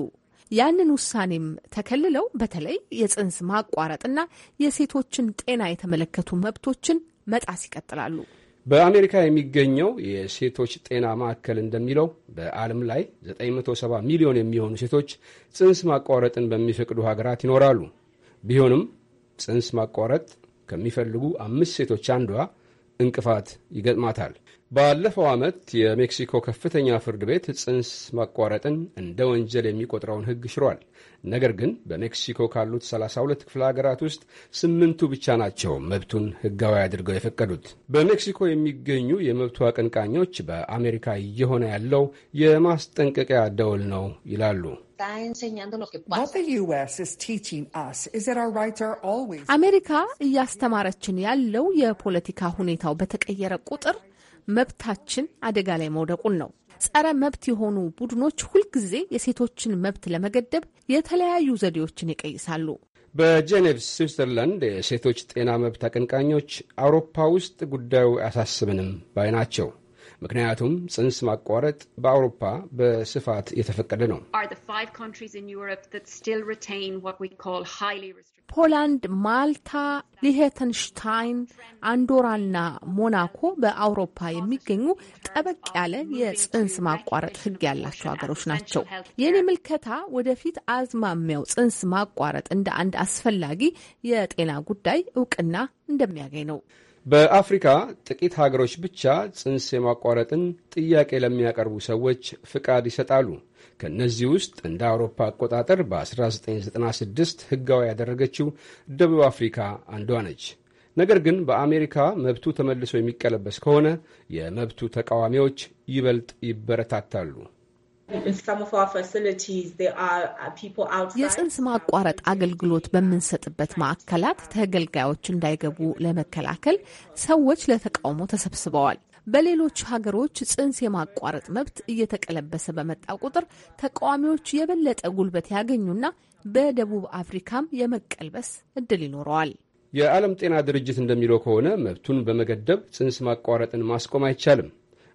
ያንን ውሳኔም ተከልለው በተለይ የጽንስ ማቋረጥና የሴቶችን ጤና የተመለከቱ መብቶችን መጣስ ይቀጥላሉ። በአሜሪካ የሚገኘው የሴቶች ጤና ማዕከል እንደሚለው በዓለም ላይ 970 ሚሊዮን የሚሆኑ ሴቶች ጽንስ ማቋረጥን በሚፈቅዱ ሀገራት ይኖራሉ። ቢሆንም ጽንስ ማቋረጥ ከሚፈልጉ አምስት ሴቶች አንዷ እንቅፋት ይገጥማታል። ባለፈው ዓመት የሜክሲኮ ከፍተኛ ፍርድ ቤት ጽንስ ማቋረጥን እንደ ወንጀል የሚቆጥረውን ሕግ ሽሯል። ነገር ግን በሜክሲኮ ካሉት 32 ክፍለ ሀገራት ውስጥ ስምንቱ ብቻ ናቸው መብቱን ሕጋዊ አድርገው የፈቀዱት። በሜክሲኮ የሚገኙ የመብቱ አቀንቃኞች በአሜሪካ እየሆነ ያለው የማስጠንቀቂያ ደወል ነው ይላሉ። አሜሪካ እያስተማረችን ያለው የፖለቲካ ሁኔታው በተቀየረ ቁጥር መብታችን አደጋ ላይ መውደቁን ነው። ጸረ መብት የሆኑ ቡድኖች ሁልጊዜ የሴቶችን መብት ለመገደብ የተለያዩ ዘዴዎችን ይቀይሳሉ። በጄኔቭ ስዊትዘርላንድ የሴቶች ጤና መብት አቀንቃኞች አውሮፓ ውስጥ ጉዳዩ አያሳስብንም ባይ ናቸው። ምክንያቱም ጽንስ ማቋረጥ በአውሮፓ በስፋት የተፈቀደ ነው። ፖላንድ፣ ማልታ፣ ሊሄተንሽታይን፣ አንዶራና ሞናኮ በአውሮፓ የሚገኙ ጠበቅ ያለ የጽንስ ማቋረጥ ሕግ ያላቸው ሀገሮች ናቸው። የኔ ምልከታ ወደፊት አዝማሚያው ጽንስ ማቋረጥ እንደ አንድ አስፈላጊ የጤና ጉዳይ እውቅና እንደሚያገኝ ነው። በአፍሪካ ጥቂት ሀገሮች ብቻ ጽንስ የማቋረጥን ጥያቄ ለሚያቀርቡ ሰዎች ፍቃድ ይሰጣሉ። ከእነዚህ ውስጥ እንደ አውሮፓ አቆጣጠር በ1996 ህጋዊ ያደረገችው ደቡብ አፍሪካ አንዷ ነች። ነገር ግን በአሜሪካ መብቱ ተመልሶ የሚቀለበስ ከሆነ የመብቱ ተቃዋሚዎች ይበልጥ ይበረታታሉ። Uh, የጽንስ ማቋረጥ አገልግሎት በምንሰጥበት ማዕከላት ተገልጋዮች እንዳይገቡ ለመከላከል ሰዎች ለተቃውሞ ተሰብስበዋል። በሌሎች ሀገሮች ጽንስ የማቋረጥ መብት እየተቀለበሰ በመጣ ቁጥር ተቃዋሚዎች የበለጠ ጉልበት ያገኙና በደቡብ አፍሪካም የመቀልበስ እድል ይኖረዋል። የዓለም ጤና ድርጅት እንደሚለው ከሆነ መብቱን በመገደብ ጽንስ ማቋረጥን ማስቆም አይቻልም።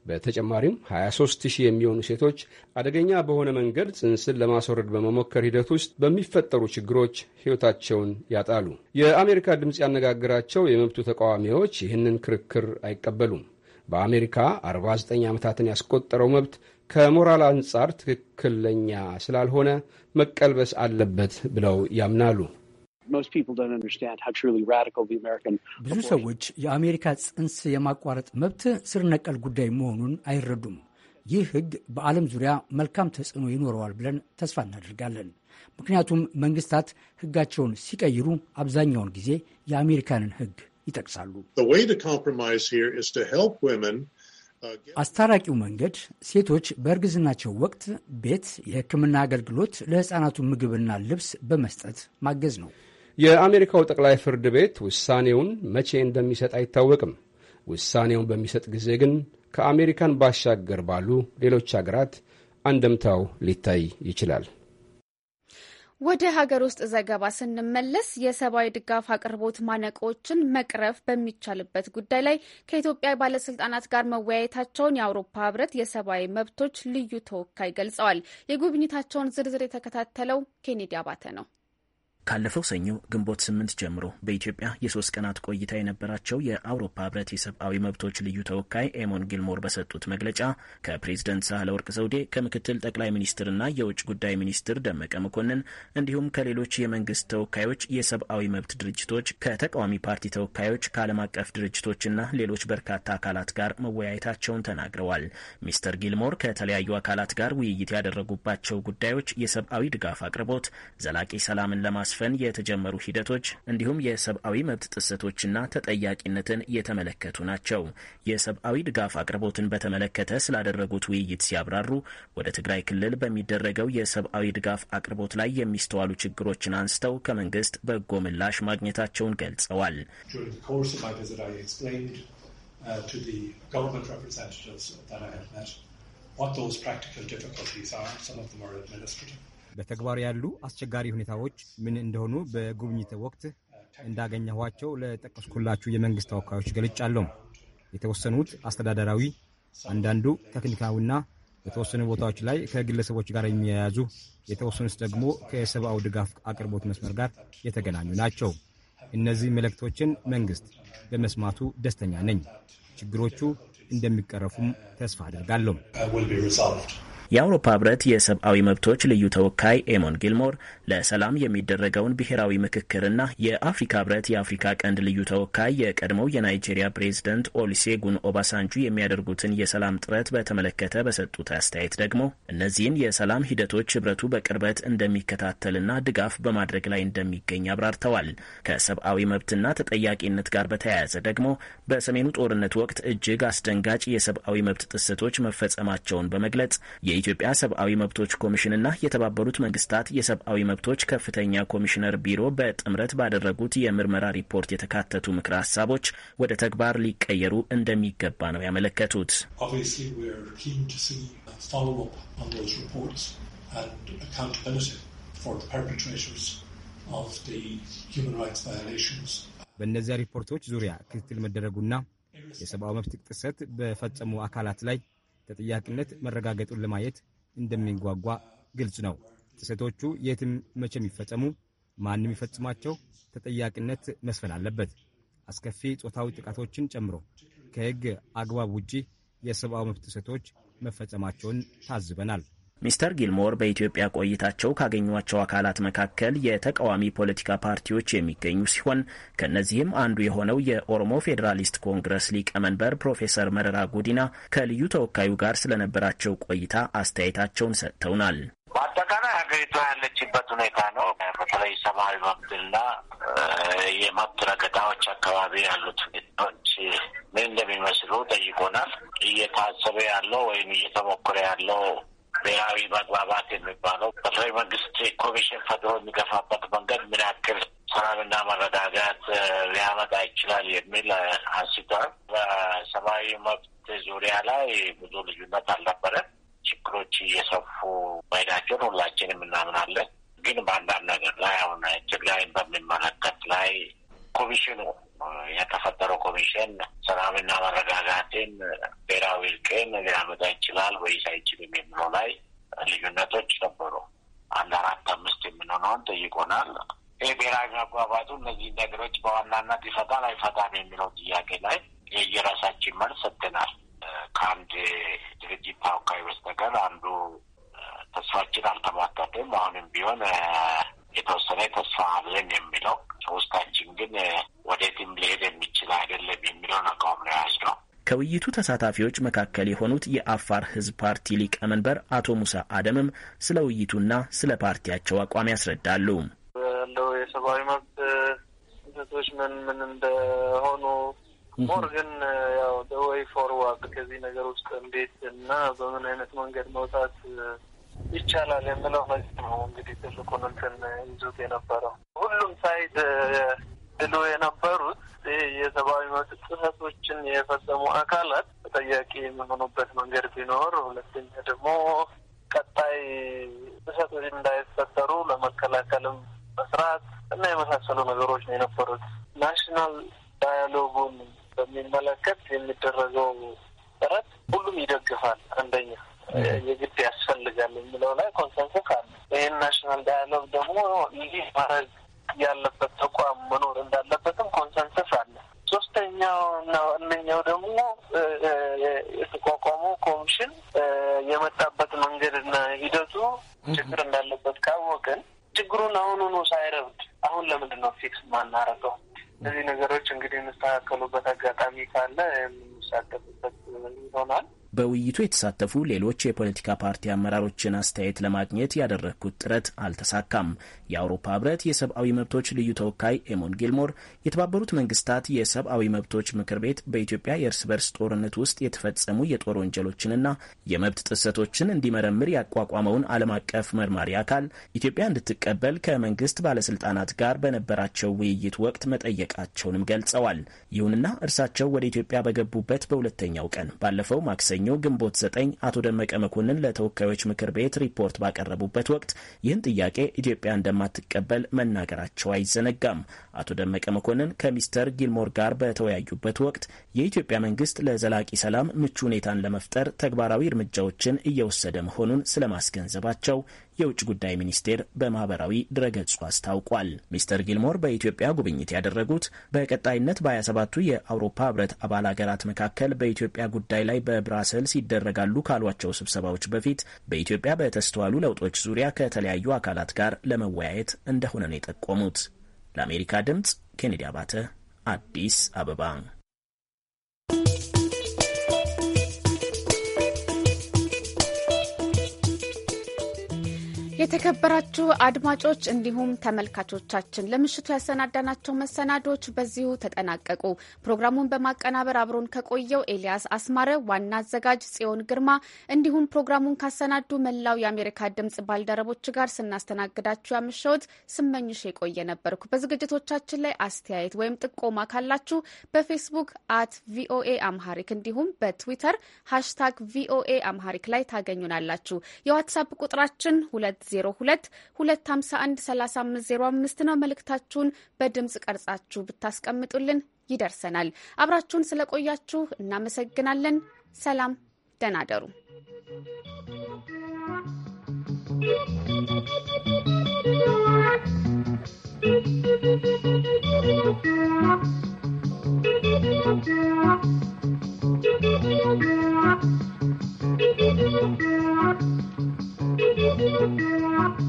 በተጨማሪም 23 ሺህ የሚሆኑ ሴቶች አደገኛ በሆነ መንገድ ጽንስን ለማስወረድ በመሞከር ሂደት ውስጥ በሚፈጠሩ ችግሮች ሕይወታቸውን ያጣሉ። የአሜሪካ ድምፅ ያነጋግራቸው የመብቱ ተቃዋሚዎች ይህንን ክርክር አይቀበሉም። በአሜሪካ 49 ዓመታትን ያስቆጠረው መብት ከሞራል አንጻር ትክክለኛ ስላልሆነ መቀልበስ አለበት ብለው ያምናሉ። ብዙ ሰዎች የአሜሪካ ጽንስ የማቋረጥ መብት ስር ነቀል ጉዳይ መሆኑን አይረዱም። ይህ ሕግ በዓለም ዙሪያ መልካም ተጽዕኖ ይኖረዋል ብለን ተስፋ እናደርጋለን። ምክንያቱም መንግስታት ሕጋቸውን ሲቀይሩ አብዛኛውን ጊዜ የአሜሪካንን ሕግ ይጠቅሳሉ። uh, አስታራቂው መንገድ ሴቶች በእርግዝናቸው ወቅት ቤት፣ የሕክምና አገልግሎት፣ ለሕፃናቱ ምግብና ልብስ በመስጠት ማገዝ ነው። የአሜሪካው ጠቅላይ ፍርድ ቤት ውሳኔውን መቼ እንደሚሰጥ አይታወቅም። ውሳኔውን በሚሰጥ ጊዜ ግን ከአሜሪካን ባሻገር ባሉ ሌሎች አገራት አንደምታው ሊታይ ይችላል። ወደ ሀገር ውስጥ ዘገባ ስንመለስ የሰብአዊ ድጋፍ አቅርቦት ማነቆዎችን መቅረፍ በሚቻልበት ጉዳይ ላይ ከኢትዮጵያ ባለስልጣናት ጋር መወያየታቸውን የአውሮፓ ህብረት የሰብአዊ መብቶች ልዩ ተወካይ ገልጸዋል። የጉብኝታቸውን ዝርዝር የተከታተለው ኬኔዲ አባተ ነው። ካለፈው ሰኞ ግንቦት ስምንት ጀምሮ በኢትዮጵያ የሶስት ቀናት ቆይታ የነበራቸው የአውሮፓ ህብረት የሰብአዊ መብቶች ልዩ ተወካይ ኤሞን ጊልሞር በሰጡት መግለጫ ከፕሬዝደንት ሳህለ ወርቅ ዘውዴ ከምክትል ጠቅላይ ሚኒስትርና የውጭ ጉዳይ ሚኒስትር ደመቀ መኮንን እንዲሁም ከሌሎች የመንግስት ተወካዮች፣ የሰብአዊ መብት ድርጅቶች፣ ከተቃዋሚ ፓርቲ ተወካዮች፣ ከዓለም አቀፍ ድርጅቶችና ሌሎች በርካታ አካላት ጋር መወያየታቸውን ተናግረዋል። ሚስተር ጊልሞር ከተለያዩ አካላት ጋር ውይይት ያደረጉባቸው ጉዳዮች የሰብአዊ ድጋፍ አቅርቦት፣ ዘላቂ ሰላምን ለማስ ለማስፈን የተጀመሩ ሂደቶች እንዲሁም የሰብአዊ መብት ጥሰቶችና ተጠያቂነትን የተመለከቱ ናቸው። የሰብአዊ ድጋፍ አቅርቦትን በተመለከተ ስላደረጉት ውይይት ሲያብራሩ ወደ ትግራይ ክልል በሚደረገው የሰብአዊ ድጋፍ አቅርቦት ላይ የሚስተዋሉ ችግሮችን አንስተው ከመንግስት በጎ ምላሽ ማግኘታቸውን ገልጸዋል። uh, What those practical difficulties are. Some of them are administrative. በተግባር ያሉ አስቸጋሪ ሁኔታዎች ምን እንደሆኑ በጉብኝት ወቅት እንዳገኘኋቸው ለጠቀስኩላችሁ የመንግስት ተወካዮች ገልጫለሁ። የተወሰኑት አስተዳደራዊ፣ አንዳንዱ ቴክኒካዊና በተወሰኑ ቦታዎች ላይ ከግለሰቦች ጋር የሚያያዙ የተወሰኑት ደግሞ ከሰብአዊ ድጋፍ አቅርቦት መስመር ጋር የተገናኙ ናቸው። እነዚህ መልእክቶችን መንግስት በመስማቱ ደስተኛ ነኝ። ችግሮቹ እንደሚቀረፉም ተስፋ አደርጋለሁ። የአውሮፓ ህብረት የሰብአዊ መብቶች ልዩ ተወካይ ኤሞን ጊልሞር ለሰላም የሚደረገውን ብሔራዊ ምክክርና የአፍሪካ ህብረት የአፍሪካ ቀንድ ልዩ ተወካይ የቀድሞው የናይጄሪያ ፕሬዝደንት ኦሊሴጉን ኦባሳንጁ የሚያደርጉትን የሰላም ጥረት በተመለከተ በሰጡት አስተያየት ደግሞ እነዚህን የሰላም ሂደቶች ህብረቱ በቅርበት እንደሚከታተልና ድጋፍ በማድረግ ላይ እንደሚገኝ አብራርተዋል። ከሰብአዊ መብትና ተጠያቂነት ጋር በተያያዘ ደግሞ በሰሜኑ ጦርነት ወቅት እጅግ አስደንጋጭ የሰብአዊ መብት ጥሰቶች መፈጸማቸውን በመግለጽ የ የኢትዮጵያ ሰብአዊ መብቶች ኮሚሽንና የተባበሩት መንግስታት የሰብአዊ መብቶች ከፍተኛ ኮሚሽነር ቢሮ በጥምረት ባደረጉት የምርመራ ሪፖርት የተካተቱ ምክረ ሀሳቦች ወደ ተግባር ሊቀየሩ እንደሚገባ ነው ያመለከቱት። በእነዚያ ሪፖርቶች ዙሪያ ክትትል መደረጉና የሰብአዊ መብት ጥሰት በፈጸሙ አካላት ላይ ተጠያቂነት መረጋገጡን ለማየት እንደሚጓጓ ግልጽ ነው። ጥሰቶቹ የትም መቼ የሚፈጸሙ ማንም የሚፈጽማቸው ተጠያቂነት መስፈን አለበት። አስከፊ ጾታዊ ጥቃቶችን ጨምሮ ከሕግ አግባብ ውጪ የሰብአዊ መብት ጥሰቶች መፈጸማቸውን ታዝበናል። ሚስተር ጊልሞር በኢትዮጵያ ቆይታቸው ካገኟቸው አካላት መካከል የተቃዋሚ ፖለቲካ ፓርቲዎች የሚገኙ ሲሆን ከእነዚህም አንዱ የሆነው የኦሮሞ ፌዴራሊስት ኮንግረስ ሊቀመንበር ፕሮፌሰር መረራ ጉዲና ከልዩ ተወካዩ ጋር ስለነበራቸው ቆይታ አስተያየታቸውን ሰጥተውናል። በአጠቃላይ ሀገሪቷ ያለችበት ሁኔታ ነው። በተለይ ሰብአዊ መብትና የመብት ረገጣዎች አካባቢ ያሉት ሁኔታዎች ምን እንደሚመስሉ ጠይቆናል። እየታሰበ ያለው ወይም እየተሞከረ ያለው ብሔራዊ መግባባት የሚባለው በተለይ መንግስት ኮሚሽን ፈጥሮ የሚገፋበት መንገድ ምን ያክል ሰላምና መረጋጋት ሊያመጣ ይችላል የሚል አንስቷል። በሰብአዊ መብት ዙሪያ ላይ ብዙ ልዩነት አልነበረ። ችግሮች እየሰፉ መሄዳቸውን ሁላችንም እናምናለን። ግን በአንዳንድ ነገር ላይ አሁን ትግራይን በሚመለከት ላይ ኮሚሽኑ የተፈጠረው ኮሚሽን ሰላምና መረጋጋትን ብሔራዊ እርቅን ሊያመጣ ይችላል ወይስ አይችልም የሚለው ላይ ልዩነቶች ነበሩ። አንድ አራት አምስት የምንሆነውን ጠይቆናል። ይህ ብሔራዊ መግባባቱ እነዚህ ነገሮች በዋናነት ይፈታል አይፈታም የሚለው ጥያቄ ላይ የየራሳችን መልስ ሰጥተናል። ከአንድ ድርጅት ተወካይ በስተቀር አንዱ ተስፋችን አልተሟጠጥም፣ አሁንም ቢሆን የተወሰነ ተስፋ አለን የሚለው ሶስታችን ግን ወዴትም ሊሄድ የሚችል አይደለም የሚለውን አቋም ነው የያዝነው። ከውይይቱ ተሳታፊዎች መካከል የሆኑት የአፋር ሕዝብ ፓርቲ ሊቀመንበር አቶ ሙሳ አደምም ስለ ውይይቱና ስለ ፓርቲያቸው አቋም ያስረዳሉ። ያለው የሰብአዊ መብት ጥሰቶች ምን ምን እንደሆኑ ሞር ግን ያው ደወይ ፎርዋርድ ከዚህ ነገር ውስጥ እንዴት እና በምን አይነት መንገድ መውጣት ይቻላል የምለው ነው። እንግዲህ ትልቁን እንትን ይዞት የነበረው ሁሉም ሳይድ ብሎ የነበሩት የሰብአዊ መብት ጥሰቶችን የፈጸሙ አካላት ተጠያቂ የሚሆኑበት መንገድ ቢኖር፣ ሁለተኛ ደግሞ ቀጣይ ጥሰቶች እንዳይፈጠሩ ለመከላከልም መስራት እና የመሳሰሉ ነገሮች ነው የነበሩት። ናሽናል ዳያሎጉን በሚመለከት የሚደረገው ጥረት ሁሉም ይደግፋል። አንደኛ የግድ ያስፈልጋል የሚለው ላይ ኮንሰንሰስ አለ። ይህን ናሽናል ዳያሎግ ደግሞ እንዲህ ማድረግ ያለበት ተቋም መኖር እንዳለበትም ኮንሰንሰስ አለ። ሶስተኛው እና ዋነኛው ደግሞ የተቋቋመው ኮሚሽን የመጣበት መንገድና ሂደቱ ችግር እንዳለበት ካወቅን ችግሩን አሁኑኑ ሳይረብድ አሁን ለምንድን ነው ፊክስ ማናረገው? እነዚህ ነገሮች እንግዲህ የምስተካከሉበት አጋጣሚ ካለ የምንሳተፍበት ይሆናል። በውይይቱ የተሳተፉ ሌሎች የፖለቲካ ፓርቲ አመራሮችን አስተያየት ለማግኘት ያደረግኩት ጥረት አልተሳካም። የአውሮፓ ህብረት የሰብአዊ መብቶች ልዩ ተወካይ ኤሞን ጊልሞር የተባበሩት መንግስታት የሰብአዊ መብቶች ምክር ቤት በኢትዮጵያ የእርስ በርስ ጦርነት ውስጥ የተፈጸሙ የጦር ወንጀሎችንና የመብት ጥሰቶችን እንዲመረምር ያቋቋመውን ዓለም አቀፍ መርማሪ አካል ኢትዮጵያ እንድትቀበል ከመንግስት ባለስልጣናት ጋር በነበራቸው ውይይት ወቅት መጠየቃቸውንም ገልጸዋል። ይሁንና እርሳቸው ወደ ኢትዮጵያ በገቡበት በሁለተኛው ቀን ባለፈው ማክሰኞ ግንቦት ዘጠኝ አቶ ደመቀ መኮንን ለተወካዮች ምክር ቤት ሪፖርት ባቀረቡበት ወቅት ይህን ጥያቄ ኢትዮጵያ እንደ እንደማትቀበል መናገራቸው አይዘነጋም። አቶ ደመቀ መኮንን ከሚስተር ጊልሞር ጋር በተወያዩበት ወቅት የኢትዮጵያ መንግስት ለዘላቂ ሰላም ምቹ ሁኔታን ለመፍጠር ተግባራዊ እርምጃዎችን እየወሰደ መሆኑን ስለማስገንዘባቸው የውጭ ጉዳይ ሚኒስቴር በማህበራዊ ድረገጹ አስታውቋል። ሚስተር ጊልሞር በኢትዮጵያ ጉብኝት ያደረጉት በቀጣይነት በ27ቱ የአውሮፓ ህብረት አባል ሀገራት መካከል በኢትዮጵያ ጉዳይ ላይ በብራሰልስ ይደረጋሉ ካሏቸው ስብሰባዎች በፊት በኢትዮጵያ በተስተዋሉ ለውጦች ዙሪያ ከተለያዩ አካላት ጋር ለመወያየት እንደሆነ ነው የጠቆሙት። ለአሜሪካ ድምፅ ኬኔዲ አባተ አዲስ አበባ የተከበራችሁ አድማጮች እንዲሁም ተመልካቾቻችን ለምሽቱ ያሰናዳናቸው መሰናዶዎች በዚሁ ተጠናቀቁ። ፕሮግራሙን በማቀናበር አብሮን ከቆየው ኤልያስ አስማረ፣ ዋና አዘጋጅ ጽዮን ግርማ እንዲሁም ፕሮግራሙን ካሰናዱ መላው የአሜሪካ ድምጽ ባልደረቦች ጋር ስናስተናግዳችሁ ያመሸሁት ስመኝሽ የቆየ ነበርኩ። በዝግጅቶቻችን ላይ አስተያየት ወይም ጥቆማ ካላችሁ በፌስቡክ አት ቪኦኤ አምሃሪክ እንዲሁም በትዊተር ሃሽታግ ቪኦኤ አምሃሪክ ላይ ታገኙናላችሁ። የዋትሳፕ ቁጥራችን ሁለት 202 ነው። መልእክታችሁን በድምፅ ቀርጻችሁ ብታስቀምጡልን ይደርሰናል። አብራችሁን ስለቆያችሁ እናመሰግናለን። ሰላም፣ ደህና ደሩ። Thank you.